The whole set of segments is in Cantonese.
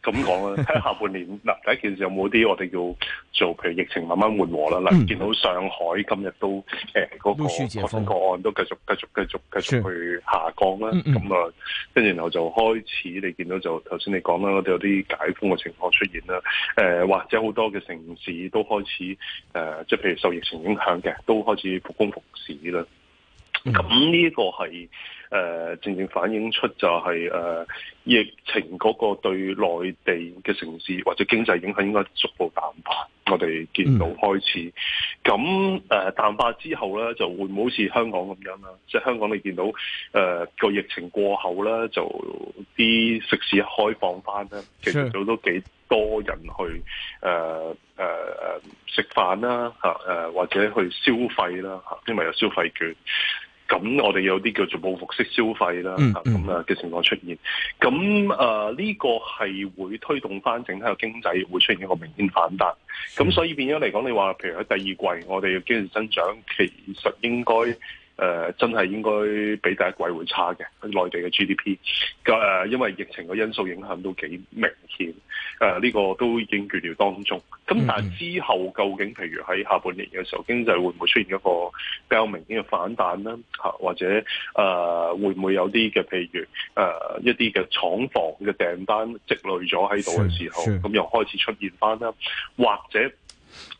咁講啦，睇 下半年嗱，第一件事有冇啲我哋要做？譬如疫情慢慢緩和啦，嗱、嗯，見到上海今日都誒嗰、呃那個個案都繼續繼續繼續繼續去下降啦。咁啊、嗯，跟住然後就開始你見到就頭先你講啦，我哋有啲解封嘅情況出現啦。誒、呃，或者好多嘅城市都開始誒，即、呃、係譬如受疫情影響嘅都開始復工復市啦。咁呢、嗯、個係。誒、呃、正正反映出就係、是、誒、呃、疫情嗰個對內地嘅城市或者經濟影響應該逐步淡化，我哋見到開始。咁誒、嗯呃、淡化之後咧，就會唔好似香港咁樣啦。即、就、係、是、香港你見到誒個、呃、疫情過後咧，就啲食肆開放翻咧，的其實早都幾多人去誒誒、呃呃、食飯啦、啊，或者去消費啦，因為有消費券。咁我哋有啲叫做報復式消費啦，咁、嗯嗯、啊嘅情況出現，咁啊呢個係會推動翻整體嘅經濟會出現一個明顯反彈，咁、嗯、所以變咗嚟講，你話譬如喺第二季我哋嘅經濟增長其實應該。誒、呃、真係應該比第一季會差嘅，內地嘅 GDP，咁、呃、因為疫情嘅因素影響都幾明顯，誒、呃、呢、這個都已經預料當中。咁但係之後究竟譬如喺下半年嘅時候，經濟會唔會出現一個比較明顯嘅反彈啦？吓，或者誒、呃、會唔會有啲嘅譬如、呃、一啲嘅廠房嘅訂單積累咗喺度嘅時候，咁又開始出現翻啦？或者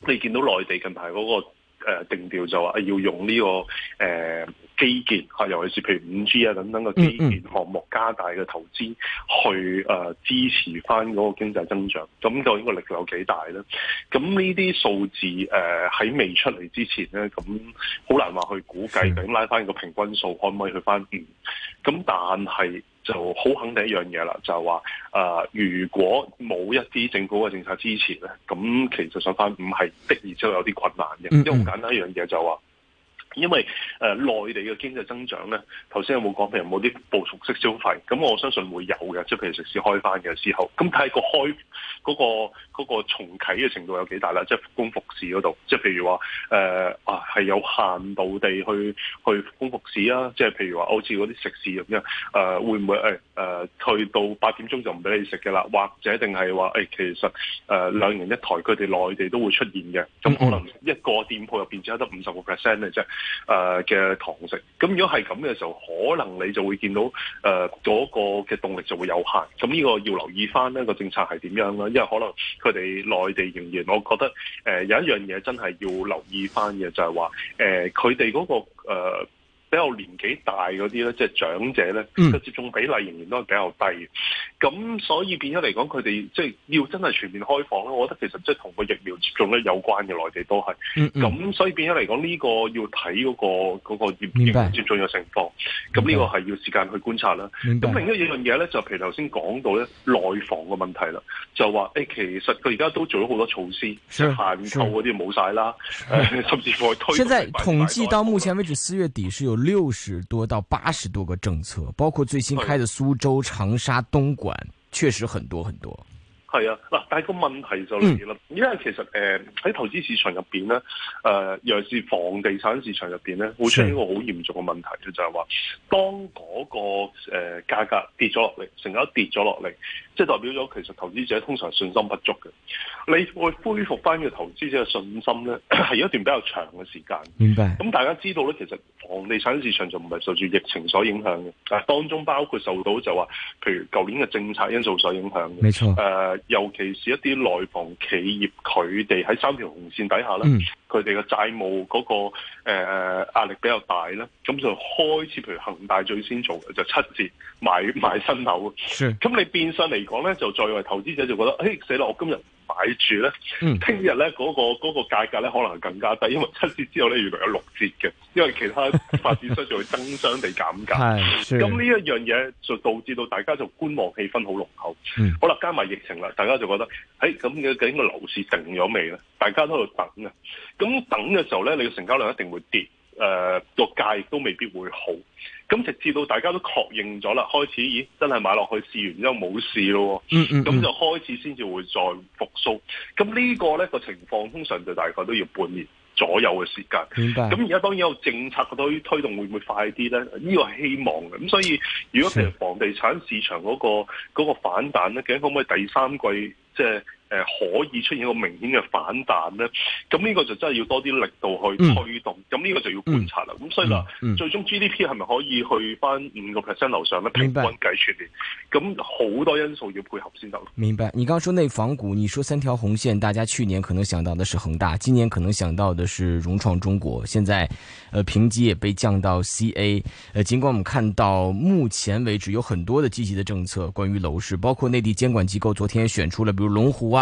你見到內地近排嗰、那個？誒、呃、定調就話啊，要用呢、這個誒、呃、基建啊尤其是譬如五 G 啊等等嘅基建項目，加大嘅投資去誒、呃、支持翻嗰個經濟增長。咁究竟個力度有幾大咧？咁呢啲數字誒喺、呃、未出嚟之前咧，咁好難話去估計。咁的拉翻個平均數可唔可以去翻五？咁但係。就好肯定一樣嘢啦，就係話誒、呃，如果冇一啲政府嘅政策支持咧，咁其實上翻唔係的而之後有啲困難嘅。因為好簡單一樣嘢就係話，因為誒、呃、內地嘅經濟增長咧，頭先有冇講譬如有冇啲補充式消費？咁我相信會有嘅，即係譬如食肆開翻嘅時候，咁睇個開嗰個。那個嗰個重啟嘅程度有幾大啦？即係復工復市嗰度，即係譬如話誒啊，係有限度地去去復工復市啊！即係譬如話，好似嗰啲食肆咁樣誒、呃，會唔會誒誒去到八點鐘就唔俾你食嘅啦？或者定係話誒，其實誒、呃、兩人一台，佢哋內地都會出現嘅。咁可能一個店鋪入邊只係得五十個 percent 嘅啫誒嘅堂食。咁如果係咁嘅時候，可能你就會見到誒嗰、呃那個嘅動力就會有限。咁呢個要留意翻呢、那個政策係點樣啦？因為可能地內地仍然，我覺得誒、呃、有一樣嘢真係要留意翻嘅，就係話誒佢哋嗰個誒。呃比較年紀大嗰啲咧，即、就、係、是、長者咧，個接種比例仍然都係比較低。咁、嗯、所以變咗嚟講，佢哋即係要真係全面開放咧，我覺得其實即係同個疫苗接種咧有關嘅，內地都係。咁所以變咗嚟講，呢個要睇嗰個嗰個疫苗接種嘅情況。咁呢白個係要時間去觀察啦。咁白另一樣嘢咧，就是、譬如頭先講到咧內房嘅問題啦，就話誒、欸、其實佢而家都做咗好多措施，啊啊、限購嗰啲冇晒啦，啊、甚至乎推、嗯。現在統計到目前為止四月底是有。六十多到八十多個政策，包括最新開的蘇州、長沙、東莞，確實很多很多。係啊，嗱，但係個問題就嚟啦，嗯、因為其實誒喺、呃、投資市場入邊呢，誒、呃、尤其是房地產市場入邊呢，會出現一個好嚴重嘅問題就係、是、話當嗰、那個誒、呃、價格跌咗落嚟，成日都跌咗落嚟。即係代表咗，其實投資者通常信心不足嘅。你會恢復翻嘅投資者嘅信心咧，係一段比較長嘅時間。明白。咁大家知道咧，其實房地產市場就唔係受住疫情所影響嘅，誒當中包括受到就話，譬如舊年嘅政策因素所影響嘅。冇錯。呃，尤其是一啲內房企業，佢哋喺三條紅線底下咧。嗯佢哋嘅債務嗰個誒壓力比較大啦，咁就開始譬如恒大最先做嘅就七折買買新樓。咁 Sure. 你變相嚟講咧，就作為投資者就覺得，誒，死啦！我今日。擺住咧，聽日咧嗰個嗰、嗰個價格咧可能更加低，因為七折之後咧原來有六折嘅，因為其他發展商就 會爭相地減價。咁呢一樣嘢就導致到大家就觀望氣氛好濃厚。 好啦，加埋疫情啦，大家就覺得，誒、哎，咁嘅究竟個樓市定咗未咧？大家都喺度等啊。咁等嘅時候咧，你嘅成交量一定會跌，誒、呃，個價亦都未必會好。咁直至到大家都確認咗啦，開始咦真係買落去試完之後冇事咯，咁、嗯嗯嗯、就開始先至會再復甦。咁呢個咧個情況通常就大概都要半年左右嘅時間。明白。咁而家當然有政策推推動，會唔會快啲咧？呢個係希望嘅。咁所以如果其實房地產市場嗰個嗰個是的 反彈咧，究竟可唔可以第三季即係？誒、呃、可以出現一個明顯嘅反彈呢，咁呢個就真係要多啲力度去推動，咁呢、嗯、個就要觀察啦。咁所以啦，嗯嗯、最終 GDP 係咪可以去翻五個 percent 樓上呢？明白。平均計出嚟，咁好多因素要配合先得咯。明白。你剛剛說內房股，你說三條紅線，大家去年可能想到的是恒大，今年可能想到的是融創中國。現在，呃，評級也被降到 C A。呃，儘管我們看到目前為止有很多的積極的政策關於樓市，包括內地監管機構昨天選出了，比如龍湖啊。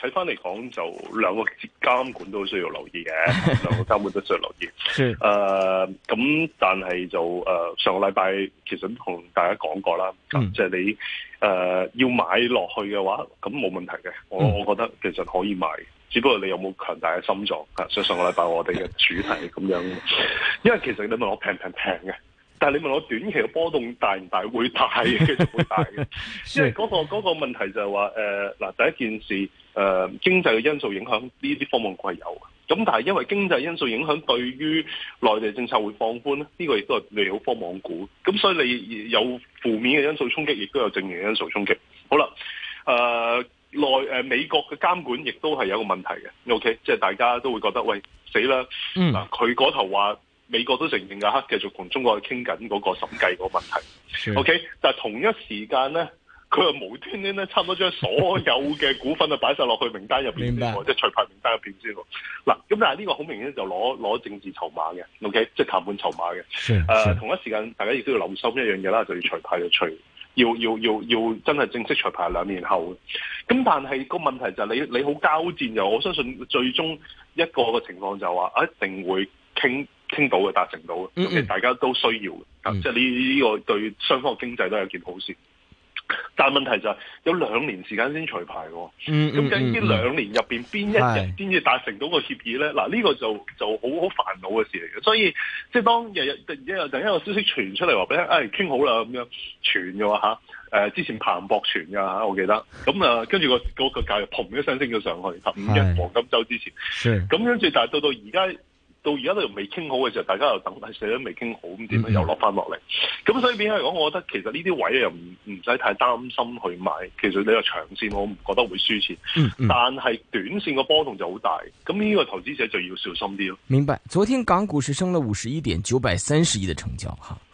睇翻嚟講，就兩個監管都需要留意嘅，兩個監管都需要留意。誒、 uh,，咁但係就誒、uh, 上個禮拜其實同大家講過啦，嗯、就係你誒、uh, 要買落去嘅話，咁冇問題嘅。我、嗯、我覺得其實可以買，只不過你有冇強大嘅心臟啊？ 所以上個禮拜我哋嘅主題咁樣，因為其實你問我平平平嘅。但係你問我短期嘅波動大唔大？會大嘅，其實會大嘅， 因為嗰、那個嗰 個問題就係、是、話，誒、呃、嗱第一件事，誒、呃、經濟嘅因素影響呢啲科網股係有嘅。咁但係因為經濟因素影響，對於內地政策會放寬呢、這個亦都係利好科網股。咁所以你有負面嘅因素衝擊，亦都有正面嘅因素衝擊。好啦，誒內誒美國嘅監管亦都係有一個問題嘅。O、OK? K，即係大家都會覺得，喂死啦！嗱、嗯，佢嗰、呃、頭話。美國都承認噶，繼續同中國去傾緊嗰個審計嗰個問題。 的 o、okay? K.，但係同一時間咧，佢又無端端咧，差唔多將所有嘅股份啊擺晒落去名單入邊先喎， 即係除牌名單入邊先喎。嗱，咁但係呢個好明顯就攞攞政治籌碼嘅。O、okay? K.，即係談判籌碼嘅。誒，同一時間，大家亦都要留心一樣嘢啦，就要除牌就除，要要要要真係正式除牌兩年後。咁但係個問題就係你你好交戰就我相信最終一個嘅情況就係話一定會傾。傾到嘅達成到嘅，咁其實大家都需要嘅，嗯、即係呢呢個對雙方嘅經濟都係一件好事。嗯、但係問題就係有兩年時間先除牌喎。咁跟住呢兩年入邊邊一日先至達成到個協議咧？嗱的，呢、呢個就就好好煩惱嘅事嚟嘅。所以即係、就是、當日日突然之間有消息傳出嚟、哎、話俾你，誒，傾好啦咁樣傳嘅話吓，誒，之前彭博傳㗎，吓，我記得。咁啊，跟住、那個、那個個價又嘭一聲升咗上去，的十五日黃金周之前，咁跟住但係到到而家。到而家都未傾好嘅時候，大家又等，係寫都未傾好，咁點樣又落翻落嚟？咁所以變係講，我覺得其實呢啲位又唔唔使太擔心去買。其實你話長線我唔覺得會輸錢。嗯嗯，但係短線個波動就好大。咁呢個投資者就要小心啲咯。明白。昨天港股市升咗五十一點九百三十億嘅成交，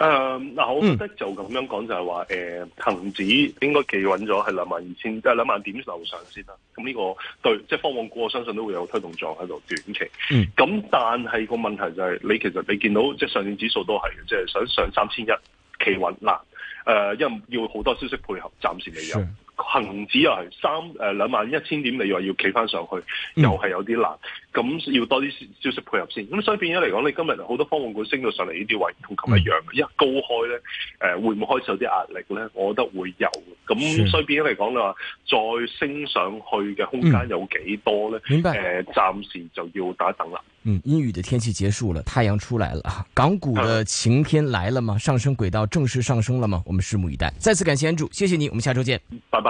誒、uh, 我覺得就咁樣講、嗯、就係話，誒、呃、恆指應該企穩咗，係兩萬二千，即係兩萬點樓上先啦。咁呢、這個對，即係放旺股，我相信都會有推動作用喺度短期。咁、嗯、但係個問題就係、是，你其實你見到即係上證指數都係嘅，即係想上三千一企穩，嗱，誒、呃，因為要好多消息配合，暫時未有。恆指又係三誒、呃、兩萬一千點，你話要企翻上去，又係有啲難。咁、嗯、要多啲消息配合先。咁所以變咗嚟講，你今日好多方恆股升到上嚟，呢啲位同琴日一樣。嗯、一高開咧，誒、呃、會唔會開始有啲壓力咧？我覺得會有。咁所以變咗嚟講咧，再升上去嘅空間有幾多咧？誒、嗯呃，暫時就要打等啦。嗯，陰雨嘅天氣結束了，太陽出嚟了。港股嘅晴天來了嗎？上升軌道正式上升了嗎？我們拭目以待。再次感謝安主，謝謝你。我們下週見。拜拜。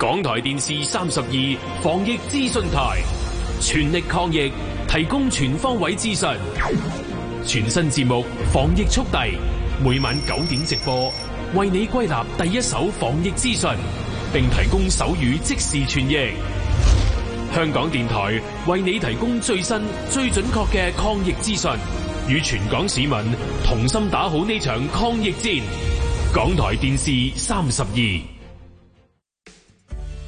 港台電視三十二防疫資訊台，全力抗疫，提供全方位資訊。全新節目《防疫速遞》，每晚九點直播，為你歸納第一手防疫資訊，並提供手語即時傳譯。香港電台為你提供最新、最準確嘅抗疫資訊，與全港市民同心打好呢場抗疫戰。港台電視三十二。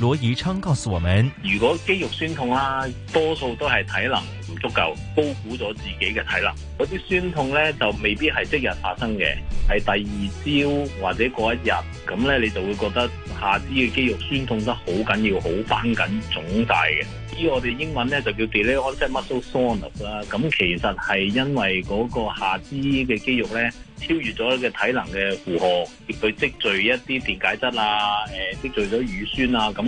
羅宜昌告訴我們：如果肌肉酸痛啦，多數都係體能唔足夠，高估咗自己嘅體能。嗰啲酸痛咧就未必係即日發生嘅，係第二朝或者過一日，咁咧你就會覺得下肢嘅肌肉酸痛得好緊要，好繃緊、腫大嘅。依我哋英文咧就叫 delayed muscle soreness 啦。咁其實係因為嗰個下肢嘅肌肉咧超越咗佢嘅體能嘅負荷，佢積聚一啲電解質啊，誒、呃、積聚咗乳酸啊咁。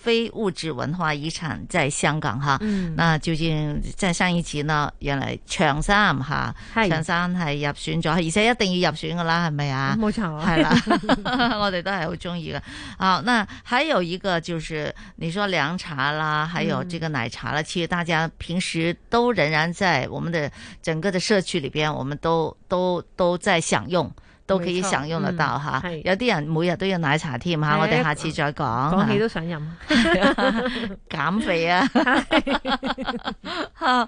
非物質文化遺產在香港哈，嗯、那究竟在上一集呢，原來長衫哈，長衫係入選咗，而且一定要入選噶啦，係咪啊？冇錯，係啦，我哋都係好中意嘅。好，那還有一個就是，你說涼茶啦，還有這個奶茶啦，嗯、其實大家平時都仍然在我們的整個的社區裏邊，我們都都都在享用。都可以享用得到哈，有啲人每日都有奶茶添嚇，我哋下次再講。講，你都想飲，減肥啊！好，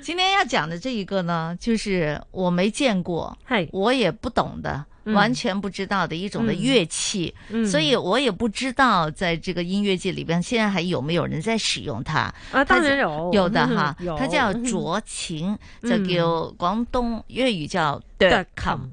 今天要講的這一個呢，就是我沒見過，我也不懂的，完全不知道的一種的樂器，所以我也不知道，在這個音樂界裏邊現在還有沒有人在使用它？啊，當然有，有的哈。它叫斲琴，就叫廣東粵語叫斲琴。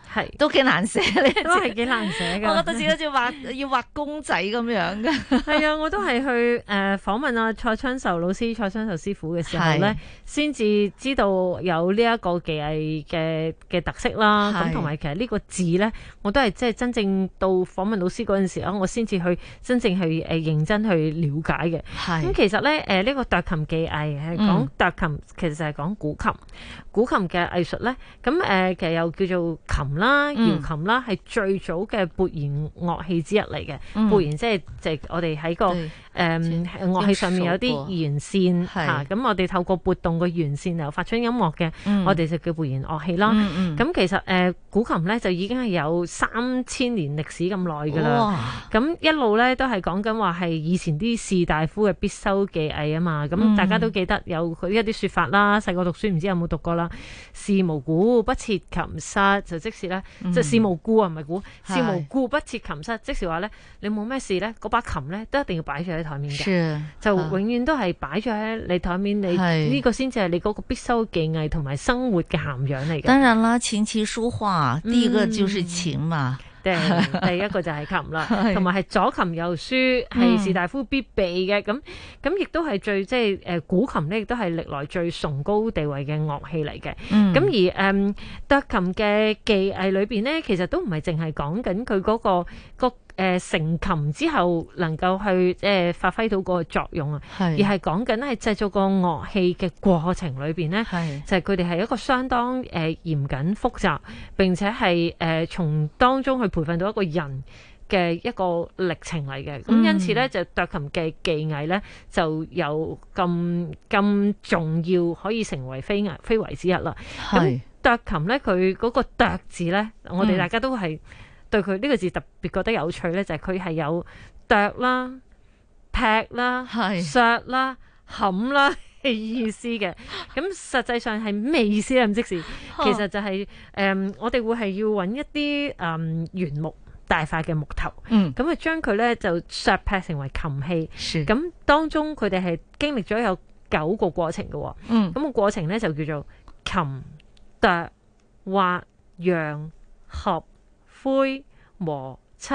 係，是都幾難寫咧，都係幾難寫，我覺得似好似畫， 要畫公仔咁樣係 啊，我都係去誒訪、呃、問、啊、蔡昌壽老師、蔡昌壽師傅嘅時候咧，先至是知道有呢一個技藝嘅嘅特色啦。咁同埋，其實呢個字咧，我都係即係真正到訪問老師嗰陣時啊，我先至去真正去誒認真去了解嘅。咁是其實咧，誒、呃、呢、這個斲琴技藝係講斲琴，其實就係講古琴。古琴嘅藝術咧，咁、呃、誒其實又叫做琴。啦，瑤琴啦，係最早嘅撥弦樂器之一嚟嘅，撥弦、嗯、即係即係我哋喺個。誒、樂、嗯、器上面有啲弦線吓，咁是、啊、我哋透過撥動個弦線嚟發出音樂嘅，嗯、我哋就叫撥弦樂器啦。咁、嗯嗯、其實誒、呃，古琴咧就已經係有三千年歷史咁耐噶啦。咁哇一路咧都係講緊話係以前啲士大夫嘅必修技藝啊嘛。咁、嗯、大家都記得有佢一啲說法啦。細個讀書唔知有冇讀過啦，事無故不徹琴瑟，就即使咧，嗯、即是事無故啊，唔係故，是事無故不徹琴瑟，即使話咧，你冇咩事咧，嗰把琴咧都一定要擺住，台面嘅，是就永遠都係擺咗喺你台面，啊、你呢個先至係你嗰個必修技藝同埋生活嘅涵養嚟嘅。當然啦，琴棋書畫，嗯、第一個就是琴嘛，第對 第一個就係琴啦，同埋係左琴右書，係、嗯、士大夫必備嘅。咁咁亦都係最即係誒古琴咧，亦都係歷來最崇高地位嘅樂器嚟嘅。咁、嗯、而誒，嗯、斲琴嘅技藝裏邊咧，其實都唔係淨係講緊佢嗰個。誒、呃，成琴之後能夠去誒、呃、發揮到個作用啊，是而係講緊係製造個樂器嘅過程裏邊呢是就係佢哋係一個相當誒嚴謹複雜，並且係誒從當中去培訓到一個人嘅一個歷程嚟嘅。咁、嗯、因此呢就斲琴嘅技藝呢就有咁咁重要，可以成為非非遺之一啦。咁是琴，琴呢佢嗰、那個斲字呢我哋大家都係、嗯。對佢呢個字特別覺得有趣咧，就係佢係有剁啦、劈啦、削啦、冚啦嘅意思嘅。咁是實際上係咩意思啊？唔即時，哦、其實就係、是、誒、呃，我哋會係要揾一啲誒、呃、原木大塊嘅木頭，咁啊將佢咧就削劈成為琴器。咁是當中佢哋係經歷咗有九個過程嘅。嗯，咁個過程咧就叫做琴剁、挖、揚、合。灰磨七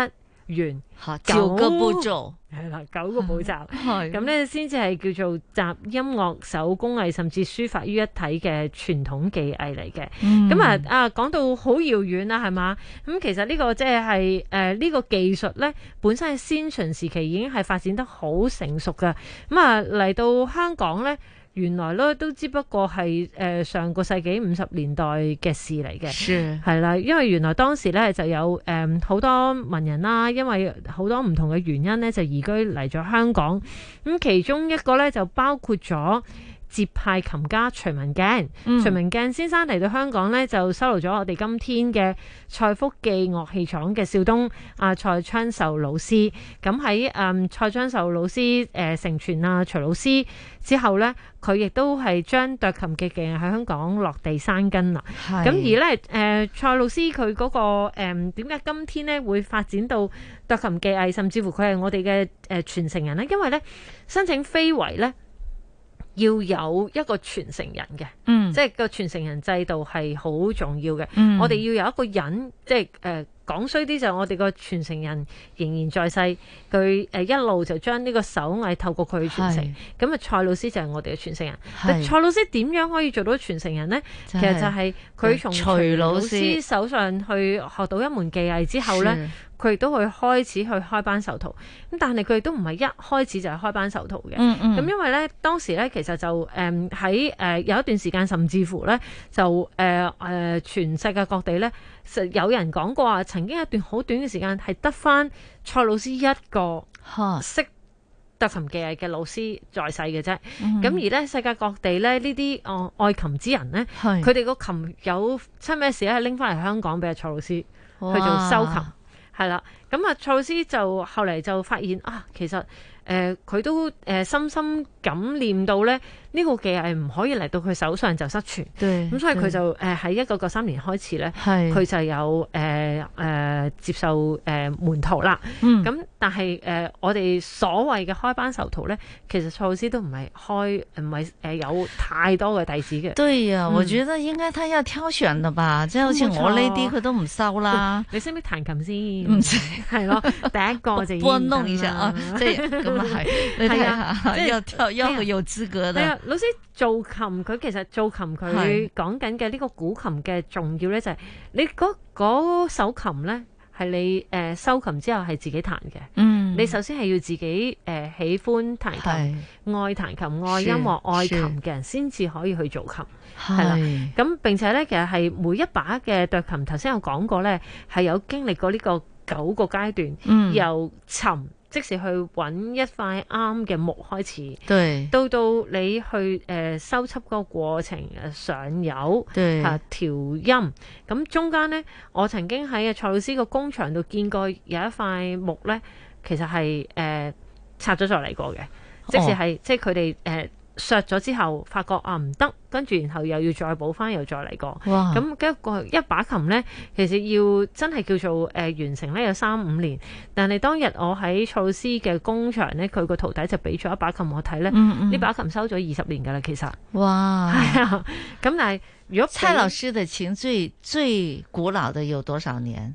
圓九個步驟係啦，九個步驟，咁咧先至係叫做集音樂、手工藝甚至書法於一體嘅傳統技藝嚟嘅。咁啊、嗯、啊，講、啊、到好遙遠啦，係嘛？咁、嗯、其實呢個即係誒呢個技術咧，本身係先秦時期已經係發展得好成熟噶。咁、嗯、啊嚟到香港咧。原來咧都只不過係誒、呃、上個世紀五十年代嘅事嚟嘅，係啦是，因為原來當時咧就有誒呃、好多文人啦，因為好多唔同嘅原因咧就移居嚟咗香港，咁其中一個咧就包括咗。接派琴家徐文鏡，嗯、徐文鏡先生嚟到香港咧，就收留咗我哋今天嘅蔡福記樂器廠嘅少東阿、啊、蔡昌壽老師。咁喺嗯蔡昌壽老師誒成全啊徐老師之後咧，佢亦都係將斲琴技藝喺香港落地生根啦。咁是而咧誒、呃、蔡老師佢嗰、那個誒點解今天咧會發展到斲琴技藝，甚至乎佢係我哋嘅誒傳承人咧？因為咧申請非遺咧。要有一個傳承人嘅，嗯、即係個傳承人制度係好重要嘅。嗯、我哋要有一個人，即係誒講衰啲就係我哋個傳承人仍然在世，佢一路就將呢個手藝透過佢去傳承。咁啊是，蔡老師就係我哋嘅傳承人。是但蔡老師點樣可以做到傳承人呢？是其實就係佢從徐老師手上去學到一門技藝之後呢。佢亦都會開始去開班授徒，咁但係佢亦都唔係一開始就係開班授徒嘅。咁、嗯嗯、因為咧，當時咧其實就誒喺誒有一段時間，甚至乎咧就誒誒、呃呃、全世界各地咧，有人講過話，曾經一段好短嘅時間係得翻蔡老師一個識斲琴技藝嘅老師在世嘅啫。咁、嗯嗯、而咧，世界各地咧呢啲哦愛琴之人咧，佢哋是個琴有出咩事咧，係拎翻嚟香港俾阿蔡老師哇去做修琴。係啦，咁啊蔡老師就後嚟就發現啊，其實誒，佢、呃、都誒、呃、深深感念到咧。呢個技藝唔可以嚟到佢手上就失傳，咁所以佢就誒喺一九九三年開始咧，佢就有誒誒接受誒門徒啦。咁但係誒我哋所謂嘅開班授徒咧，其實蔡老師都唔係開唔係誒有太多嘅弟子嘅。對啊，我覺得應該佢要挑選喇吧，即係好似我呢啲佢都唔收啦。你識唔識彈琴先？唔識，係咯，第一個就撥弄一下啊，即係咁啊係，係啊，要挑要佢有資格嘅。老師做琴，佢其實做琴，佢講緊嘅呢個古琴嘅重要咧，就係你嗰首琴咧係你、呃、收琴之後係自己彈嘅。嗯，你首先係要自己誒、呃、喜歡彈琴、是愛彈琴、愛音樂、是愛琴嘅人先至可以去做琴。係是啦，咁並且咧其實係每一把嘅斲琴，頭先有講過咧，係有經歷過呢個九個階段，嗯、由沉。即時去揾一塊啱嘅木開始，到對到你去誒，收、呃、葺個過程誒，上油吓調對、啊、音，咁中間呢，我曾經喺蔡老師個工場度見過有一塊木呢，其實係誒拆咗再嚟過嘅、哦，即使係即係佢哋誒。呃削咗之後，發覺啊唔得，跟住然後又要再補翻，又再嚟過。咁一個一把琴呢，其實要真係叫做誒、呃、完成呢，有三五年。但係當日我喺蔡師嘅工場呢，佢個徒弟就俾咗一把琴我睇呢。呢、嗯嗯、把琴收咗二十年噶啦，其實。哇！咁 但係，如果蔡老師的琴最最古老的有多少年？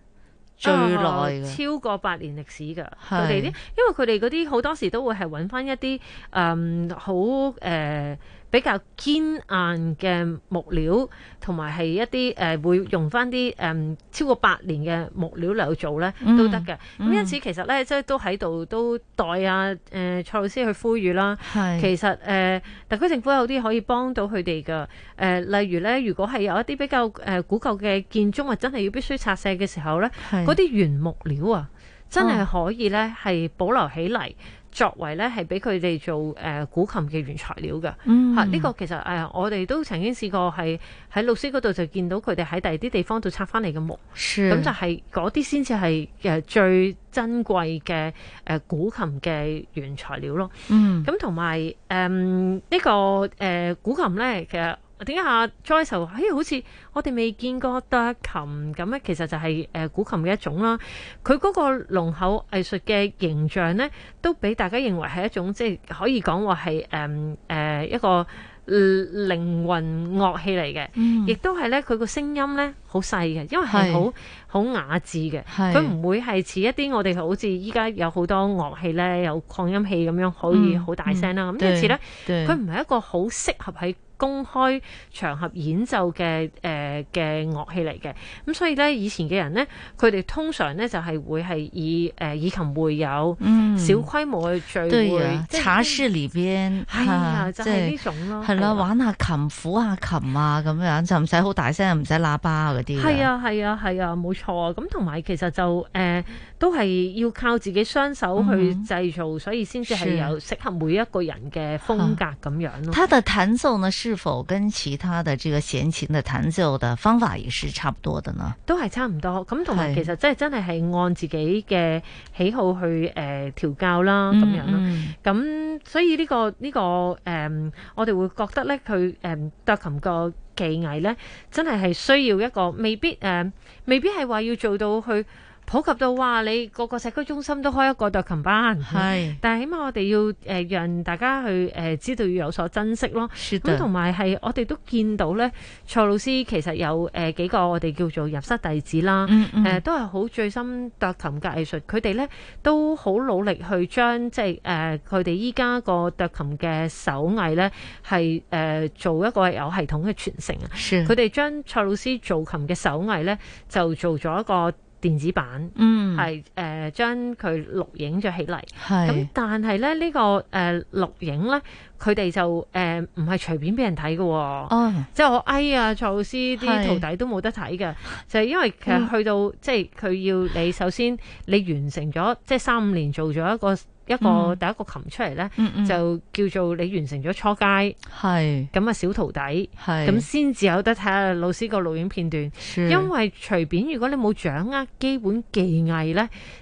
最耐、哦，超過八年歷史㗎。佢哋啲，因為佢哋嗰啲好多時都會係揾翻一啲誒好誒，嗯比較堅硬嘅木料，同埋係一啲誒、呃、會用翻啲誒超過百年嘅木料嚟做咧，都得嘅。咁、嗯、因此其實咧，即係、嗯、都喺度都代啊誒、呃、蔡老師去呼籲啦。是其實誒、呃，特區政府有啲可以幫到佢哋嘅誒，例如咧，如果係有一啲比較誒、呃、古舊嘅建築物，真係要必須拆卸嘅時候咧，嗰啲是原木料啊，真係可以咧係、哦、保留起嚟。作為咧係俾佢哋做誒、呃、古琴嘅原材料，嗯嚇呢、啊，呢個其實誒、哎、我哋都曾經試過係喺老師嗰度就見到佢哋喺第二啲地方度拆翻嚟嘅木，咁是就係嗰啲先至係最珍貴嘅誒、呃、古琴嘅原材料咯。咁同埋誒呢個誒、呃、古琴咧，其實。點解下 Joyce 又、哎、好似我哋未見過斲琴咁咧，其實就係誒古琴嘅一種啦。佢嗰個龍口藝術嘅形象咧，都俾大家認為係一種即係可以講話係誒誒一個靈魂樂器嚟嘅，亦、嗯、都係咧佢個聲音咧好細嘅，因為係好好雅致嘅，佢唔會係似一啲我哋好似依家有好多樂器咧有擴音器咁樣可以好大聲啦。咁因此咧，佢唔係一個好適合喺公開場合演奏嘅誒嘅樂器嚟嘅，咁所以咧以前嘅人咧，佢哋通常咧就係會係以誒、呃、以琴會有小規模去聚會。茶室裏邊，係、哎、呀啊，就係呢種咯。係啦，玩下琴，撫下琴啊，咁樣就唔使好大聲，唔使喇叭嗰啲。係啊，係啊，係啊，冇、啊啊、錯啊。咁同埋其實就誒、呃、都係要靠自己雙手去製造，嗯、所以先至係有適合每一個人嘅風格咁、啊、樣咯。他的彈奏呢是否跟其他的這個弦琴的彈奏的方法也是差不多的呢？都係差唔多，咁同埋其實真係真係係按自己嘅喜好去誒調是、呃、教啦，咁樣咯。咁、嗯嗯、所以呢、呢個呢、呢個誒、呃，我哋會覺得咧，佢誒，斲、呃、琴個技藝咧，真係係需要一個未必誒，未必係話、呃、要做到去。普及到話你個個社區中心都開一個斲琴班，係的。但係起碼我哋要誒、呃、讓大家去誒、呃、知道要有所珍惜咯。咁同埋係我哋都見到咧，蔡老師其實有誒、呃、幾個我哋叫做入室弟子啦，誒、嗯嗯呃、都係好醉心斲琴嘅藝術。佢哋咧，都好努力去將即係誒佢哋依家個斲琴嘅手藝咧，係誒做一個有系統嘅傳承啊。佢哋的將蔡老師做琴嘅手藝咧就做咗一個。電子版，嗯，係誒、呃、將佢錄影咗起嚟，係咁是、嗯，但係咧呢、呢個誒、呃、錄影咧，佢哋就誒唔係隨便俾人睇嘅，哦，即係、哦、我哎啊蔡老師啲徒弟都冇得睇嘅，就係因為其實去到即係佢要你首先你完成咗即係三五年做咗一個。一個第一個琴出嚟呢，嗯嗯、就叫做你完成咗初階，係咁啊，小徒弟，咁先至有得睇下老師個錄影片段。是因為隨便，如果你冇掌握基本技藝呢。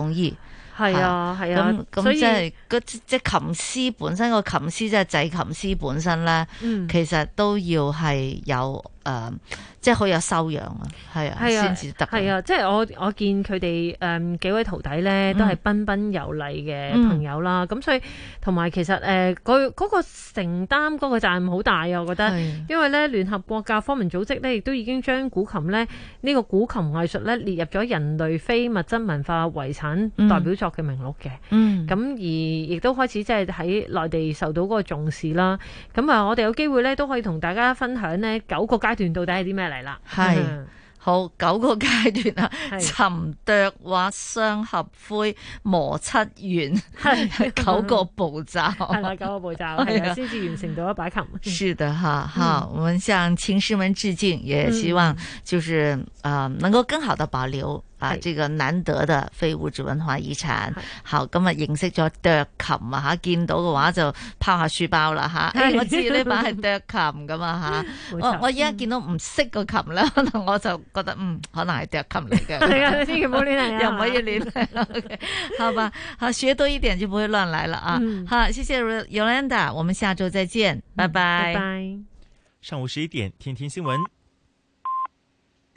同意，係啊，係啊，咁咁即係即即琴師本身個琴師即係斲琴師本身呢，嗯、其實都要係有。誒、嗯，即係好有修養啊，係啊，係啊，先至得。係啊，即係我我見佢哋誒幾位徒弟咧，都係彬彬有禮嘅朋友啦。咁、嗯、所以同埋其實誒，佢、呃嗰個嗰個承擔嗰個責任，好大啊。我覺得，啊、因為咧聯合國教科文組織咧，亦都已經將古琴咧呢、呢個古琴藝術咧列入咗人類非物質文化遺產代表作嘅名錄嘅、嗯。嗯。咁而亦都開始即係喺內地受到嗰個重視啦。咁啊，我哋有機會咧都可以同大家分享咧九個階段到底係啲咩嚟啦？係好，九個階段啊，是沉斲挖雙合灰磨漆、圓係是九個步驟，係啦 九個步驟，係啊，先至完成到一把琴。是的哈，哈，我們向琴師們致敬，也希望就是啊、嗯呃、能夠更好的保留。啊，這個難得的非物質文化遺產，是好今日認識咗斲琴啊吓，見到嘅話就拋下書包啦吓，啊 哎。我知呢把係斲琴㗎嘛吓，啊， 我我而家見到唔識個琴可能我就覺得嗯，可能係斲琴嚟嘅。係啊，千祈唔好亂嚟，又唔可以亂嚟，OK，啊、 好吧，好學多一點就唔會亂嚟了啊。 好，謝謝 Yolanda，我們下周再見，嗯、拜拜。拜拜。上午十一點，天天新聞。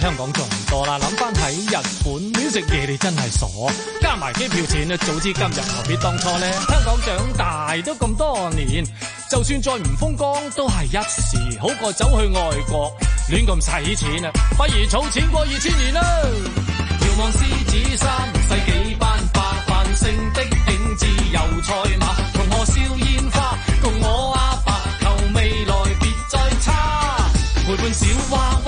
香港仲唔多啦，諗翻喺日本亂食嘢，你真係傻，加埋機票錢咧，早知今日何必當初咧？香港長大咗咁多年，就算再唔風光都係一時，好過走去外國亂咁使錢啊！不如儲錢過二千年啦！遙望獅子山，世紀變化繁盛的景緻，油菜花，同我燒煙花，共我阿爸，求未來別再差，陪伴小娃。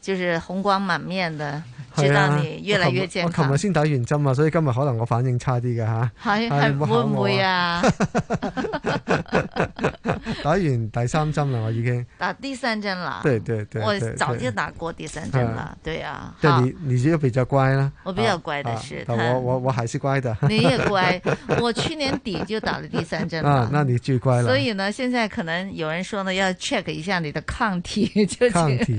就是紅光滿面的，知道你越來越健康。我琴日先打完針嘛，所以今日可能我反應差啲嘅吓。係係會唔會啊？打完第三針了，我已經打第三針了。對對對，我早就打過第三針了。對啊，你你就比較乖啦。我比較乖的是，我我我還是乖的。你也乖，我去年底就打了第三針了。那你最乖了。所以呢，現在可能有人說呢，要 check 一下你的抗體，就抗體。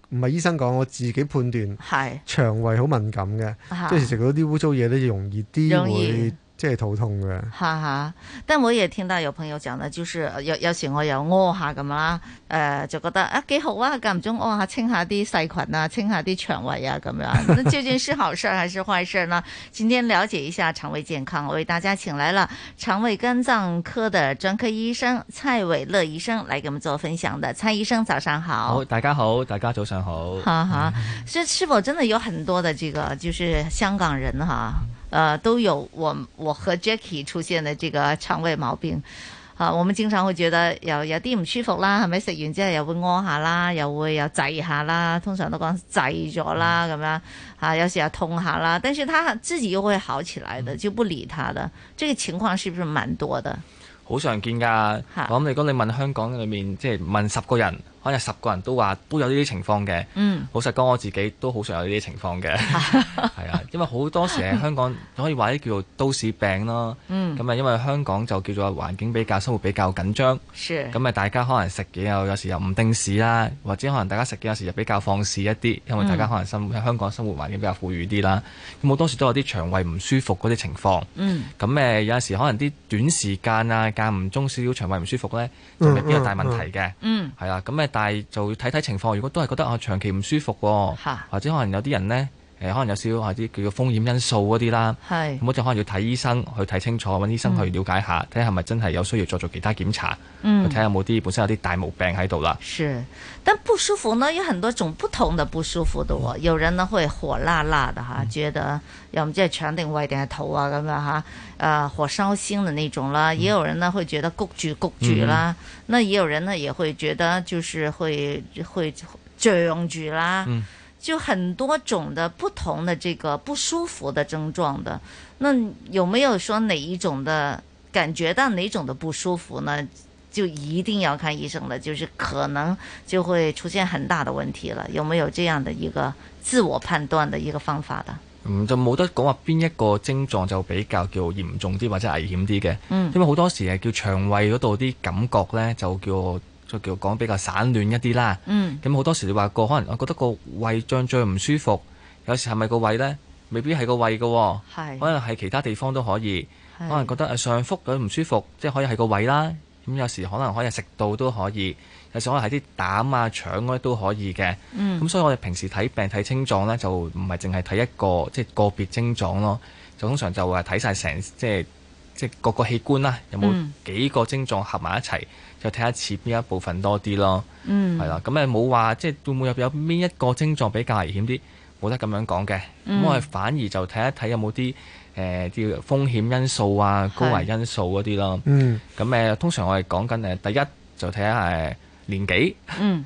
唔係醫生講，我自己判斷，腸胃好敏感嘅，係啊、即係食到啲污糟嘢咧，就容易啲會。即係肚痛嘅， 哈哈！但我也聽到有朋友講呢，就是有有時我又屙下咁啦，誒、呃、就覺得啊幾好啊，間唔中屙下清下啲細菌啊，清下啲腸胃啊咁樣。那究竟是好事還是壞事呢？ 今天了解一下腸胃健康，我為大家請來了腸胃肝臟科的專科醫生蔡偉樂醫生來給我們做分享的。蔡醫生，早上好！好，大家好，大家早上好。 哈哈，是是否真的有很多的這個就是香港人哈、啊？ 呃都有我我和 Jacky 出現的這個腸胃毛病，啊，我們經常會覺得有有啲唔舒服啦，係咪食完之後又會屙下啦，又會又滯下啦，通常都講滯咗啦咁、嗯、樣，啊，有時候痛下啦，但是他自己又會好起來的，嗯、就不理他的，這個情況是不是蠻多的？好常見噶，啊、我諗你講你問香港裏面即係、就是、問十個人。可能十個人都話都有呢啲情況嘅。嗯，老實講，我自己都好常有呢啲情況嘅，係 啊，因為好多時喺香港都可以話啲叫做都市病咯。嗯，咁啊，因為香港就叫做環境比較生活比較緊張。是。咁啊，大家可能食嘢又有時又唔定時啦，或者可能大家食嘢有時又比較放肆一啲，因為大家可能生喺、嗯、香港生活環境比較富裕啲啦。咁好多時都有啲腸胃唔舒服嗰啲情況。嗯。咁誒有陣時可能啲短時間啊間唔中少少腸胃唔舒服咧，就唔係大問題嘅。嗯。係啊，咁誒。但係就要睇睇情況，如果都係覺得啊長期唔舒服喎、哦， 或者可能有啲人咧。可能有少少話啲叫做風險因素嗰啲啦，咁我就可能要睇醫生去睇清楚，揾醫生去了解下，睇下係咪真係有需要再做，做其他檢查，嗯、去睇有冇啲本身有啲大毛病喺度啦。是，但不舒服呢有很多種不同的不舒服的喎，嗯、有人呢會火辣辣的吓、啊，覺得又唔、嗯、知係腸定胃定係肚啊咁樣吓，火燒心的那種啦，也有人呢會覺得谷住谷住啦，嗯、那也有人呢也會覺得就是會會脹住啦。嗯就很多種的不同的這個不舒服的症狀的，那有沒有說哪一種的感覺到哪種的不舒服呢？就一定要看醫生的，就是可能就會出現很大的問題了。有沒有這樣的一個自我判斷的一個方法的？嗯，就冇得講話邊一個症狀就比較叫嚴重啲或者危險啲嘅，嗯、因為好多時係叫腸胃嗰度啲感覺咧就叫。就叫講比較散亂一啲啦。咁好、嗯、多時你話個可能，我覺得個胃脹脹唔舒服，有時係咪個胃呢？未必係個胃嘅，是可能係其他地方都可以。是可能覺得上腹嗰唔舒服，即係可以係個胃啦。咁、嗯、有時可能可以食到都可以，有時可能係啲膽啊腸啲、啊、都可以嘅。咁、嗯、所以我哋平時睇病睇症狀呢，就唔係淨係睇一個即係、就是、個別症狀咯，就通常就話睇晒成即係即係各個器官啦，有冇幾個症狀合埋一齊？嗯就睇一次邊一部分多啲咯，係啦、嗯，咁誒冇話即係會唔會有邊一個症狀比較危險啲？冇得咁樣講嘅。咁、嗯、我哋反而就睇一睇有冇啲誒啲風險因素啊、高危因素嗰啲咯。咁誒、嗯、通常我哋講緊誒，第一就睇下年紀。嗯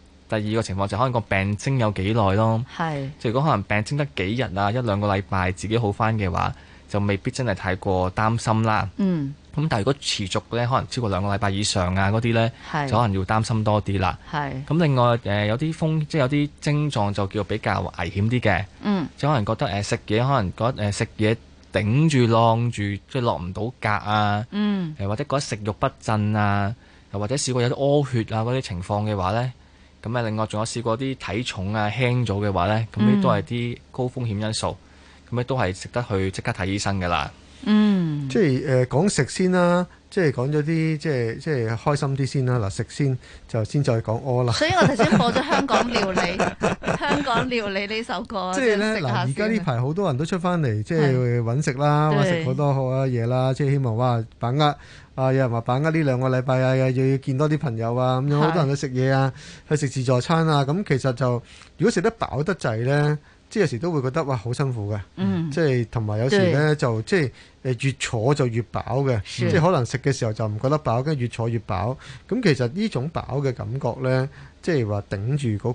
第二個情況就可能個病徵有幾耐咯，即係是如果可能病徵得幾日啊，一兩個禮拜自己好翻嘅話，就未必真係太過擔心啦。嗯，咁但係如果持續咧，可能超過兩個禮拜以上啊，嗰啲咧就可能要擔心多啲啦。咁是，另外、呃、有啲風即係有啲症狀就叫比較危險啲嘅，嗯，就可能覺得食嘢、呃、可能覺得食嘢、呃、頂住浪住即係落唔到格啊，嗯、呃，或者覺得食欲不振啊，又或者試過有啲屙血啊嗰啲情況嘅話咧。咁啊，另外仲有試過啲體重啊輕咗嘅話呢，咁呢都係啲高風險因素，咁呢、嗯、都係值得去即刻睇醫生㗎喇。嗯，即係誒、呃、講食先啦，即係講咗啲即係即係開心啲先啦。嗱，食先就先再講屙啦。所以我頭先播咗香港料理， 香港料理呢首歌。即係咧，嗱，而家呢排好多人都出翻嚟，即係搵食啦，食好對多好多嘢啦，即係希望哇，把握啊！有人話把握呢兩個禮拜啊，又要見多啲朋友啊，咁樣好多人去食嘢啊，是的 去食自助餐啊，咁、嗯、其實就如果食得飽得滯咧。即係有時都會覺得哇好辛苦嘅，嗯、即係同埋有時咧就即係誒越坐就越飽嘅，是即係可能食嘅時候就唔覺得飽，跟住越坐越飽。咁其實呢種飽嘅感覺咧，即係話頂住嗰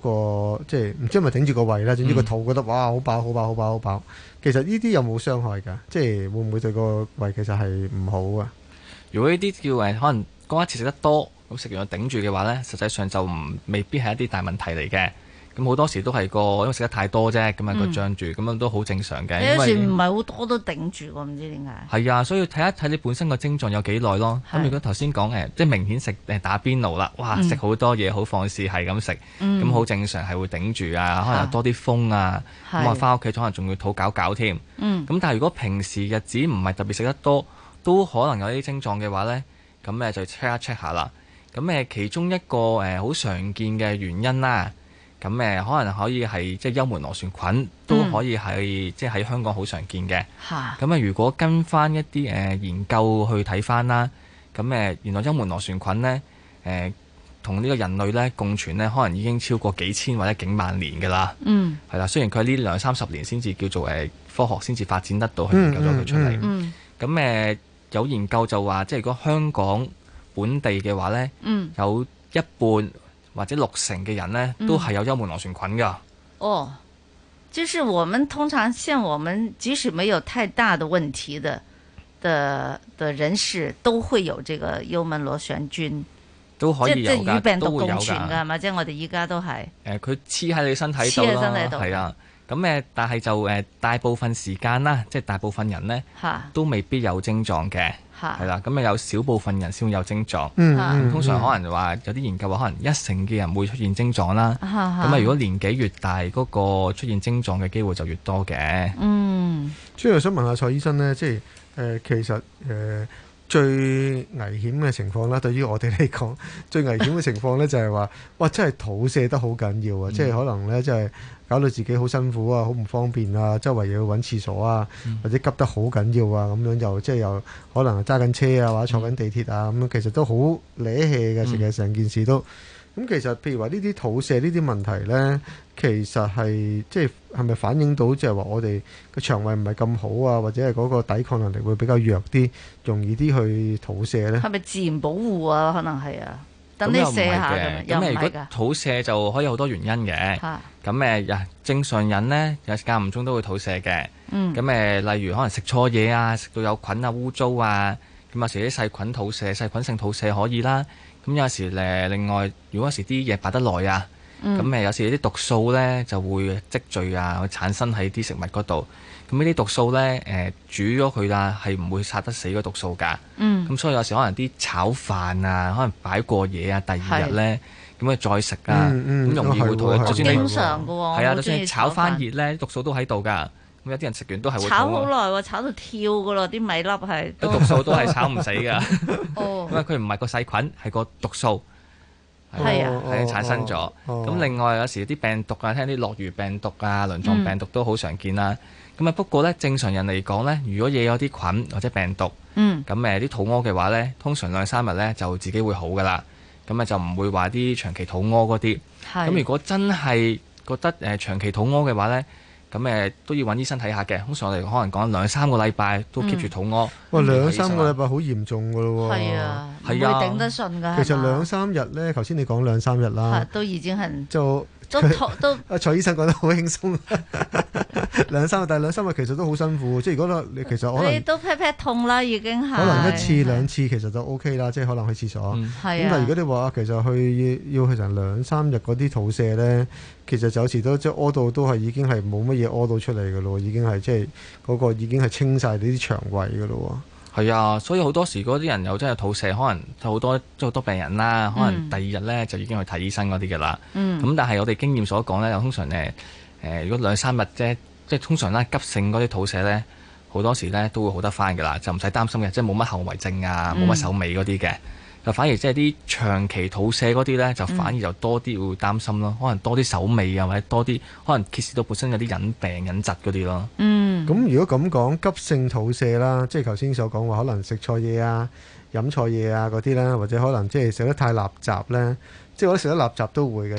個即係唔知係咪頂住個胃咧，總之個肚覺得哇好飽好飽好飽好飽，好飽。其實呢啲有冇傷害㗎？即係會唔會對個胃其實係唔好啊？如果呢啲叫係可能嗰一次食得多，咁食完又頂住嘅話咧，實際上就唔未必係一啲大問題嚟嘅。咁好多時都係個，因為食得太多啫，咁樣個脹住，咁、嗯、樣都好正常嘅。因為唔係好多都頂住，我唔知點解。係啊，所以睇一睇你本身個症狀有幾耐咯。咁是如果頭先講即係明顯食打邊爐啦，哇，食好多嘢，好放肆，係咁食，咁好、嗯、正常係會頂住啊。可能有多啲風啊，咁啊翻屋企可能仲要肚搞搞添。咁是但係如果平時日子唔係特別食得多，嗯、都可能有啲症狀嘅話咧，咁誒就 check 一 check 下啦。咁誒其中一個好常見嘅原因啦、啊。咁誒，可能可以係即係幽門螺旋菌都可以係、嗯、即係喺香港好常見嘅。咁啊哈，如果跟翻一啲誒、呃、研究去睇翻啦，咁誒原來幽門螺旋菌咧誒、呃、同呢個人類咧共存咧，可能已經超過幾千或者幾萬年㗎啦。嗯，係啦，雖然佢呢兩三十年先至叫做誒、呃、科學先至發展得到去研究咗佢出嚟、嗯。嗯，咁誒、呃、有研究就話，即係如果香港本地嘅話咧，嗯，有一半，或者六成嘅人咧，都係有幽門螺旋菌噶、嗯。哦，即、就是我們通常像我們即使沒有太大的問題的的的人士，都會有這個幽門螺旋菌。都可以有噶，病毒共存嘅都會有噶。咁啊，即係我哋而家都係。誒，佢黐喺你身體度啦，係啊。咁咩、呃？但係就誒、呃，大部分時間啦，即係大部分人咧，哈都未必有症狀嘅。係，啦，咁啊有少部分人先會有症狀，咁、嗯、通常可能話有啲研究話可能一成嘅人會出現症狀啦，咁啊、嗯嗯、如果年紀越大，嗰個出現症狀嘅機會就越多嘅。嗯，咁我想問下蔡醫生呢，即係誒、呃、其實誒。呃最危險嘅情況啦，對於我哋嚟講，最危險嘅情況呢，就係話，哇！真係肚瀉得好緊要啊，嗯、即係可能呢，就係搞到自己好辛苦啊，好唔方便啊，周圍又要揾廁所啊，嗯、或者急得好緊要啊，咁樣又即係又可能揸緊車啊，或者坐緊地鐵啊，咁樣、嗯、其實都好瀨氣嘅，成日成件事都。嗯咁其實譬如話呢啲肚瀉呢啲問題咧，其實係即係係咪反映到即係話我哋個腸胃唔係咁好啊，或者係嗰個抵抗能力會比較弱啲，容易啲去肚瀉咧？係咪自然保護啊？可能係啊，等你瀉下咁又唔係㗎。咁如果肚瀉就可以好多原因嘅。係。咁誒正常人咧，有時間唔中都會肚瀉嘅。嗯。咁誒例如可能食錯嘢啊，食到有菌啊、污糟啊，咁啊食啲細菌肚瀉，細菌性肚瀉可以啦。咁有時另外如果有時啲嘢擺得耐啊，咁、嗯、有時啲毒素咧就會積聚啊，會產生喺啲食物嗰度。咁呢啲毒素咧、呃、煮咗佢啊，係唔會殺得死個毒素㗎。咁、嗯、所以有時可能啲炒飯啊，可能擺過夜啊，第二日咧咁啊再食啊，咁、嗯嗯、容易會同。是經常㗎、喎、啊，就算炒翻熱咧，毒素都喺度㗎。有啲人食完都係會炒好耐喎，炒到跳噶咯，啲米粒係。啲毒素都係炒唔死噶，因為佢唔係個細菌，係個毒素，係啊，係產生咗。咁、哦哦、另外有時啲病毒啊，聽啲諾如病毒啊、輪狀病毒都好常見啦。咁啊、嗯、不過咧，正常人嚟講咧，如果惹有啲菌或者病毒，咁誒啲肚屙嘅話咧，通常兩三日咧就自己會好噶啦。咁啊就唔會話啲長期肚屙嗰啲。咁是 如果真係覺得誒長期肚屙嘅話咧。咁誒都要揾醫生睇下嘅，通常我哋可能講兩三個禮拜都 keep 住肚屙。哇、嗯，嗯、兩三個禮拜好嚴重噶咯喎！係、嗯、啊，係啊，頂得順噶。其實兩三日咧，頭先你講兩三日啦，都已經係就。都阿蔡 醫生講得好輕鬆 兩，兩三日，但兩三日其實都好辛苦。即係如果你其實可能，都 pat pat 痛啦，已經係可能一次兩次其實就 OK 啦。即係可能去廁所，咁、嗯、但係如果你話其實去要去成兩三日嗰啲肚瀉咧，其實有時都即係屙到都係已經係冇乜嘢屙到出嚟㗎咯，已經係即係嗰個已經係清晒你啲腸胃㗎咯。係啊，所以好多時嗰啲人又真係肚瀉，可能好多即係好多病人啦，嗯、可能第二日咧就已經去睇醫生嗰啲嘅啦。咁、嗯、但係我哋經驗所講咧，又通常呢，如果兩三日啫，即係通常咧急性嗰啲肚瀉咧，好多時咧都會好得返嘅啦，就唔使擔心嘅，即係冇乜後遺症啊，冇乜手尾嗰啲嘅。就反而即係啲長期肚瀉嗰啲呢，就反而就多啲會擔心咯，嗯、可能多啲手尾啊，或者多啲可能揭示到本身有啲隱病隱疾嗰啲咯。嗯，咁如果咁講，急性肚瀉啦，即係頭先所講話，可能食錯嘢啊、飲錯嘢啊嗰啲啦，或者可能即係食得太垃雜呢。即係我食得垃圾都會嘅，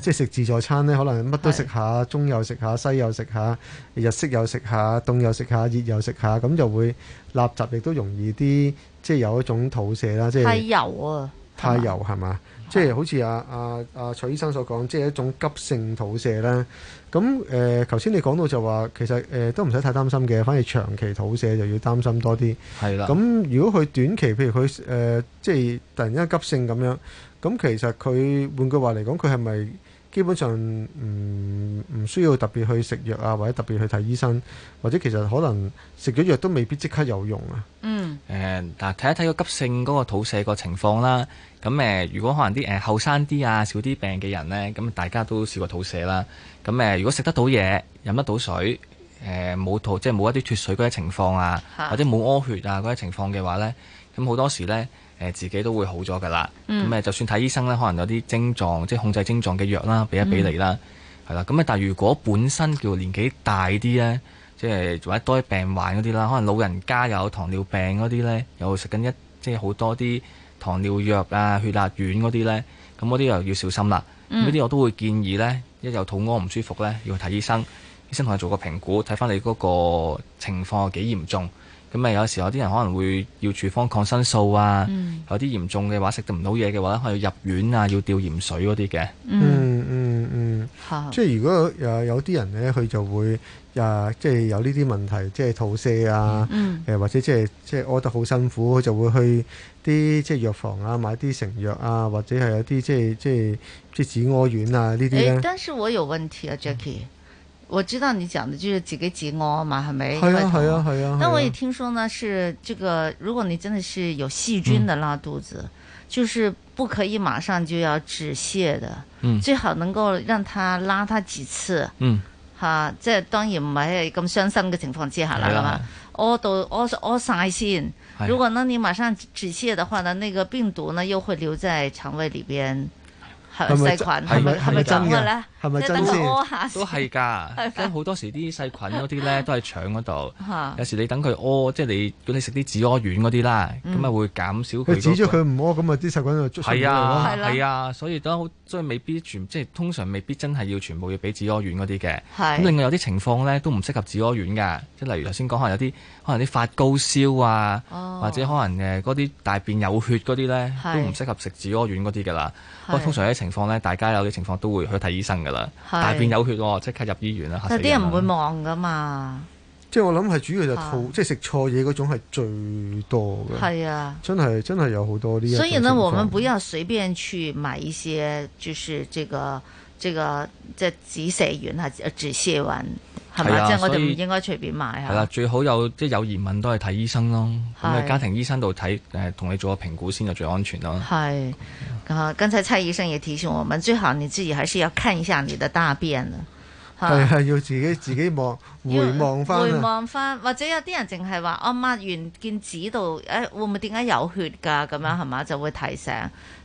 即係食自助餐咧，可能乜都食下，對中又食下，西又食下，日式又食下，凍又食下，熱又食下，咁就會垃圾亦都容易啲，即係有一種肚瀉啦。即係太油啊！太油係嘛？嗎吧即係好似阿啊阿、啊啊、蔡醫生所講，即係一種急性肚瀉啦。咁誒，頭、呃、先你講到就話，其實、呃、都唔使太擔心嘅，反而長期肚瀉就要擔心多啲。係啦的。咁如果佢短期，譬如佢、呃、即係突然間急性咁樣。咁其實佢換句話嚟講，佢係咪基本上唔唔、嗯、需要特別去食藥啊，或者特別去睇醫生，或者其實可能食咗藥都未必即刻有用啊？嗯，誒、呃，嗱，睇一睇個急性嗰個肚瀉個情況啦。咁誒、呃，如果可能啲誒後生啲啊、少啲病嘅人咧，咁大家都試過肚瀉啦。咁誒、呃，如果食得到嘢、飲得到水，誒冇肚，即係冇一啲脫水嗰啲情況啊，或者冇屙血啊嗰啲情況嘅話咧，咁好多時咧。誒自己都會好咗㗎啦，咁誒就算睇醫生咧，可能有啲症狀，即係控制症狀嘅藥啦，俾一俾你啦，係啦，咁但係如果本身叫年紀大啲咧，即係或者多啲病患嗰啲啦，可能老人家又有糖尿病嗰啲咧，又食緊一即係好多啲糖尿藥啊、血壓丸嗰啲咧，咁嗰啲又要小心啦。咁呢啲我都會建議咧，一有肚屙唔舒服咧，要去睇醫生，醫生同你做個評估，睇翻你嗰個情況幾嚴重。咁啊，有時有啲人可能會要處方抗生素啊，有啲嚴重嘅話食得唔到嘢嘅話咧，可以入院啊，要吊鹽水嗰啲嘅。嗯嗯嗯，好即係如果有啲人咧，佢就會、啊、即係有呢啲問題，即係肚瀉啊，嗯、或者即係即係屙得好辛苦，就會去啲即係藥房啊，買啲成藥啊，或者係有啲即係即即止屙丸啊這些呢啲，但是我有問題啊，Jackie。我知道你講的就是自己急屙嘛，係咪？係啊係啊，但我也聽說呢，嗯、是這個如果你真的是有細菌的拉肚子，嗯、就是不可以馬上就要止瀉的，嗯、最好能夠讓他拉他幾次，嗯。哈，即係當然唔係咁傷心嘅情況之下啦係嘛？屙到屙屙晒先、哦、如果呢你馬上止瀉嘅話呢，那個病毒呢又會留在腸胃裏邊，係細菌係咪係咪咁嘅咧？不係咪真先？下都係㗎，吧因為好多時啲細菌嗰啲咧都係腸嗰度。 有時你等佢屙，即、就、係、是、你叫你食啲止屙丸嗰啲啦，咁咪、嗯、會減少佢、那個。佢止咗佢唔屙，咁咪啲細菌就係啊，係啊，所以都即係未必全，即係通常未必真係要全部要俾止屙丸嗰啲嘅。咁是另外有啲情況咧都唔適合止屙丸㗎，即係例如頭先講下有啲可能啲發高燒啊，哦、或者可能誒嗰啲大便有血嗰啲咧都唔適合食止屙丸嗰啲㗎啦。不過是通常有啲情況咧，大家有啲情況都會去睇醫生㗎啦。大便有血喎，即、哦、刻入醫院啦！但啲人唔會望噶嘛， 即係我諗係主要就吐，即係食錯嘢嗰種係最多嘅。係啊， 真係真係有好多啲。所以呢，我們不要隨便去買一些，就是這個這個即係止瀉丸啊，止瀉丸。係啊，所以係啦、啊，最好有即係有疑問都係睇醫生咯。咁啊，喺家庭醫生度睇，誒，同你做個評估先就最安全咯。係啊，跟住蔡醫生也提醒我們，最好你自己還是要看一下你的大便啦。係係、啊啊，要自己自己、啊、回望回望翻，回望翻。或者有啲人淨係話：我、啊、抹完件紙度，誒、哎、會唔會點解有血㗎？咁樣係嘛，就會提醒。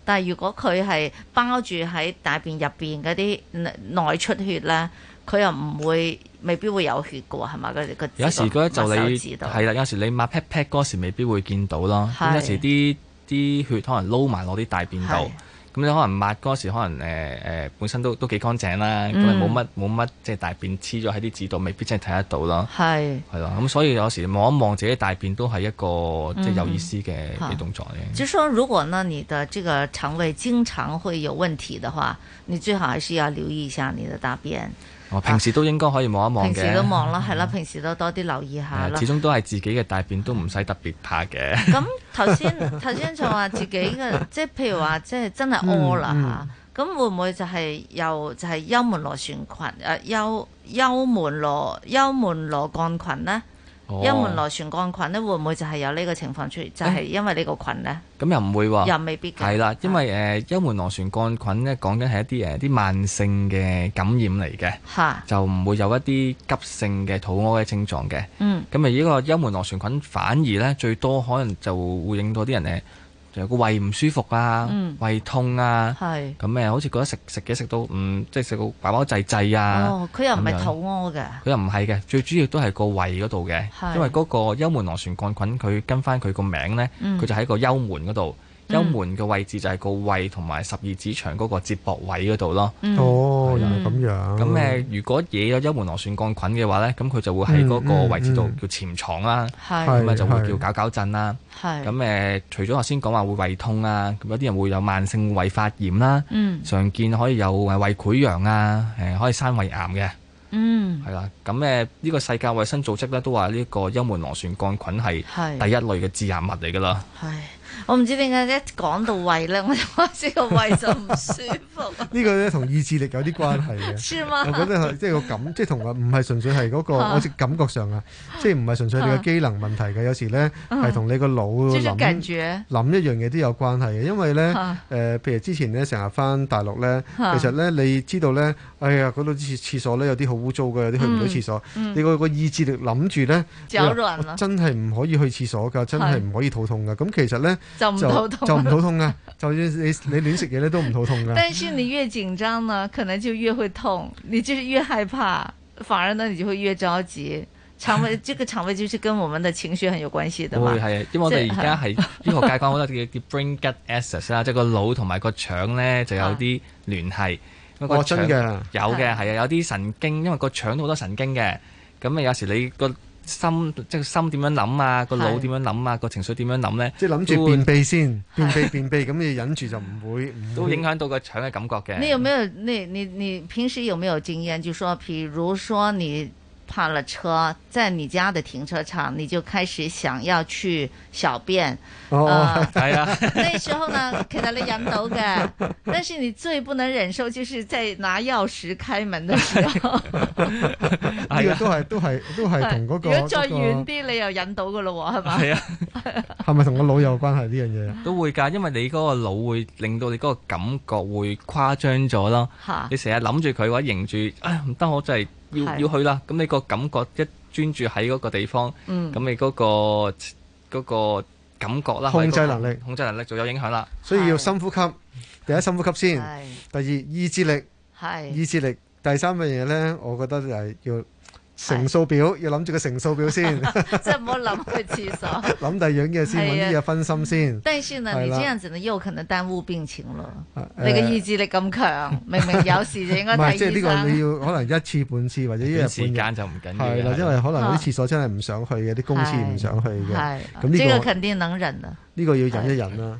但係如果佢係包住喺大便入邊嗰啲內出血咧。佢又唔會，未必會有血嘅喎，係嘛？這個、有時嗰啲就你係啦，有時你抹 pet pet 嗰時候未必會見到咯。是有時啲啲血可能撈埋落啲大便度，咁是你可能抹嗰時可能誒誒本身都都幾乾淨啦，咁啊冇乜冇乜即係大便黐咗喺啲紙度，未必真係睇得到咯。係係咯，咁、嗯、所以有時望一望自己的大便都係一個、嗯、即係有意思嘅好動作嘅。就是說，如果呢，你的這個腸胃經常會有問題的話，你最好還是要留意一下你的大便。我平時都應該可以望一望，平時都望啦。係啦、嗯，平時都多啲留意下、嗯、始終都係自己嘅大便，都唔使特別怕嘅。咁頭先頭先就話自己嘅，即係譬如話，即係真係屙啦嚇，咁會唔會就係又就係幽門螺旋菌？誒幽幽門螺幽門螺桿菌咧？幽門螺旋桿菌咧，會唔會就係有呢個情況出現？就係因為呢個菌咧？咁又唔會話，又未必。係啦，因為誒幽門螺旋桿菌咧，講緊係一啲誒啲慢性嘅感染嚟嘅，就唔會有一啲急性嘅肚屙嘅症狀嘅。嗯。咁啊，呢個幽門螺旋菌反而咧，最多可能就會影到啲人咧。仲有個胃唔舒服啊，嗯、胃痛啊，咁咪是好似覺得食食嘢食到唔即係食到飽飽滯滯啊。哦，佢又唔係肚屙嘅，佢又唔係嘅，最主要都係個胃嗰度嘅。是因為嗰個幽門螺旋桿菌佢跟翻佢個名咧，佢就喺個幽門嗰度。嗯嗯幽門嘅位置就係個胃同埋十二指腸嗰個接駁位嗰度咯。哦，又係咁樣。咁誒，如果惹咗幽門螺旋桿菌嘅話咧，咁佢就會喺嗰個位置度叫潛藏啦，咁啊就會叫搞搞震啦。咁誒，除咗頭先講話會胃痛啊，咁有啲人會有慢性胃發炎啦，常見可以有胃潰瘍啊，誒可以生胃癌嘅。嗯，係啦。咁誒，呢個世界衞生組織咧都話呢個幽門螺旋桿菌係第一類嘅致癌物嚟㗎啦。係。我唔知點解一講到胃咧，我就開始個胃就唔舒服。 個呢個咧同意志力有啲關係嘅，是嗎 我覺得係即係個感，即係同啊，唔係純粹係嗰個，我即感覺上啊，即係唔係純粹你嘅機能問題嘅，有時咧係同你個腦諗諗一樣嘢都有關係嘅，因為咧誒、呃，譬如之前咧成日返大陸咧，啊、其實咧你知道咧，哎呀，嗰度廁所咧有啲好污糟嘅，有啲去唔到廁所，你個個意志力諗住咧，真係唔可以去廁所噶，真係唔可，可以肚痛噶。咁其實咧。就唔肚痛，就唔肚痛啊！ 就你你亂食嘢咧都唔肚痛噶。 但是你越緊張呢，可能就越會痛，你就是越害怕，反而呢你就會越着急。腸胃，這個腸胃就是跟我們的情緒很有關係的嘛。 會係，因為我哋而家係醫學界講，好多叫叫 brain gut axis 啦，即係個腦同埋個腸呢就有啲聯繫。哦，真嘅，有嘅係啊，有啲神經，因為個腸好多神經嘅，咁啊有時你個。心即係心點樣諗啊，個腦點樣諗啊，個是的 情緒點樣諗咧，啊？即係諗住便秘先，是的 便秘便秘咁你忍住就唔會， 都影響到個腸嘅感覺嘅。你有冇你你你平時有冇經驗？就說譬如說你。怕了車，在你家的停車場，你就開始想要去小便。哦，係、呃、啊，那時候呢，其實你忍到嘅。但是你最不能忍受，就是在拿鑰匙開門的時候。啊，都係都係都係同嗰個。如果再遠啲，你又忍到噶咯，係嘛？係啊，係咪同個腦有關係呢樣嘢？ 都會噶，因為你嗰個腦會令到你嗰個感覺會誇張咗咯。吓哈，你成日諗住佢嘅話，凝住，哎呀，唔得，我真係。要要去啦，咁你個感覺一專注喺嗰個地方，咁、嗯、你嗰、嗰個嗰個感覺啦，控制能力、那個、控制能力就有影響啦。所以要深呼吸，第一深呼吸先，是第二意志力，是意志力，第三樣嘢咧，我覺得就係要。乘數表，要諗住個乘數表先，即係唔好諗去廁所。諗第二樣嘢先，搵啲嘢分心先。但係呢，你這樣子呢，又可能耽誤病情咯。你嘅意志力咁強，明明有事就應該睇醫生。唔係，即係呢個你要可能一次半次或者一日半間就唔緊要啦。因為可能啲廁所真係唔想去嘅，啲公廁唔想去嘅。係。咁呢個肯定能忍啊！呢個要忍一忍啦。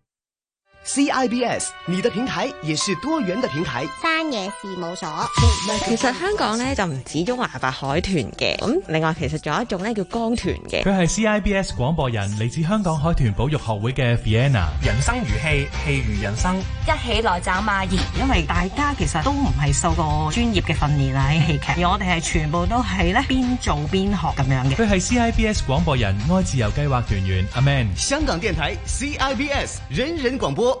CIBS，你的平台也是多元的平台。山野事務所，其實香港咧就唔止中華白海豚嘅，咁、嗯、另外其實仲有一種咧叫江豚嘅。佢係 CIBS 廣播人，嚟自香港海豚保育學會嘅 Vienna。人生如戲，戲如人生，一起來找馬兒，因為大家其實都唔係受過專業嘅訓練啊，喺戲劇，而我哋係全部都係咧邊做邊學咁樣嘅。佢係 CIBS 廣播人，愛自由計劃團員 Aman。Amen、香港電台 CIBS，人人廣播。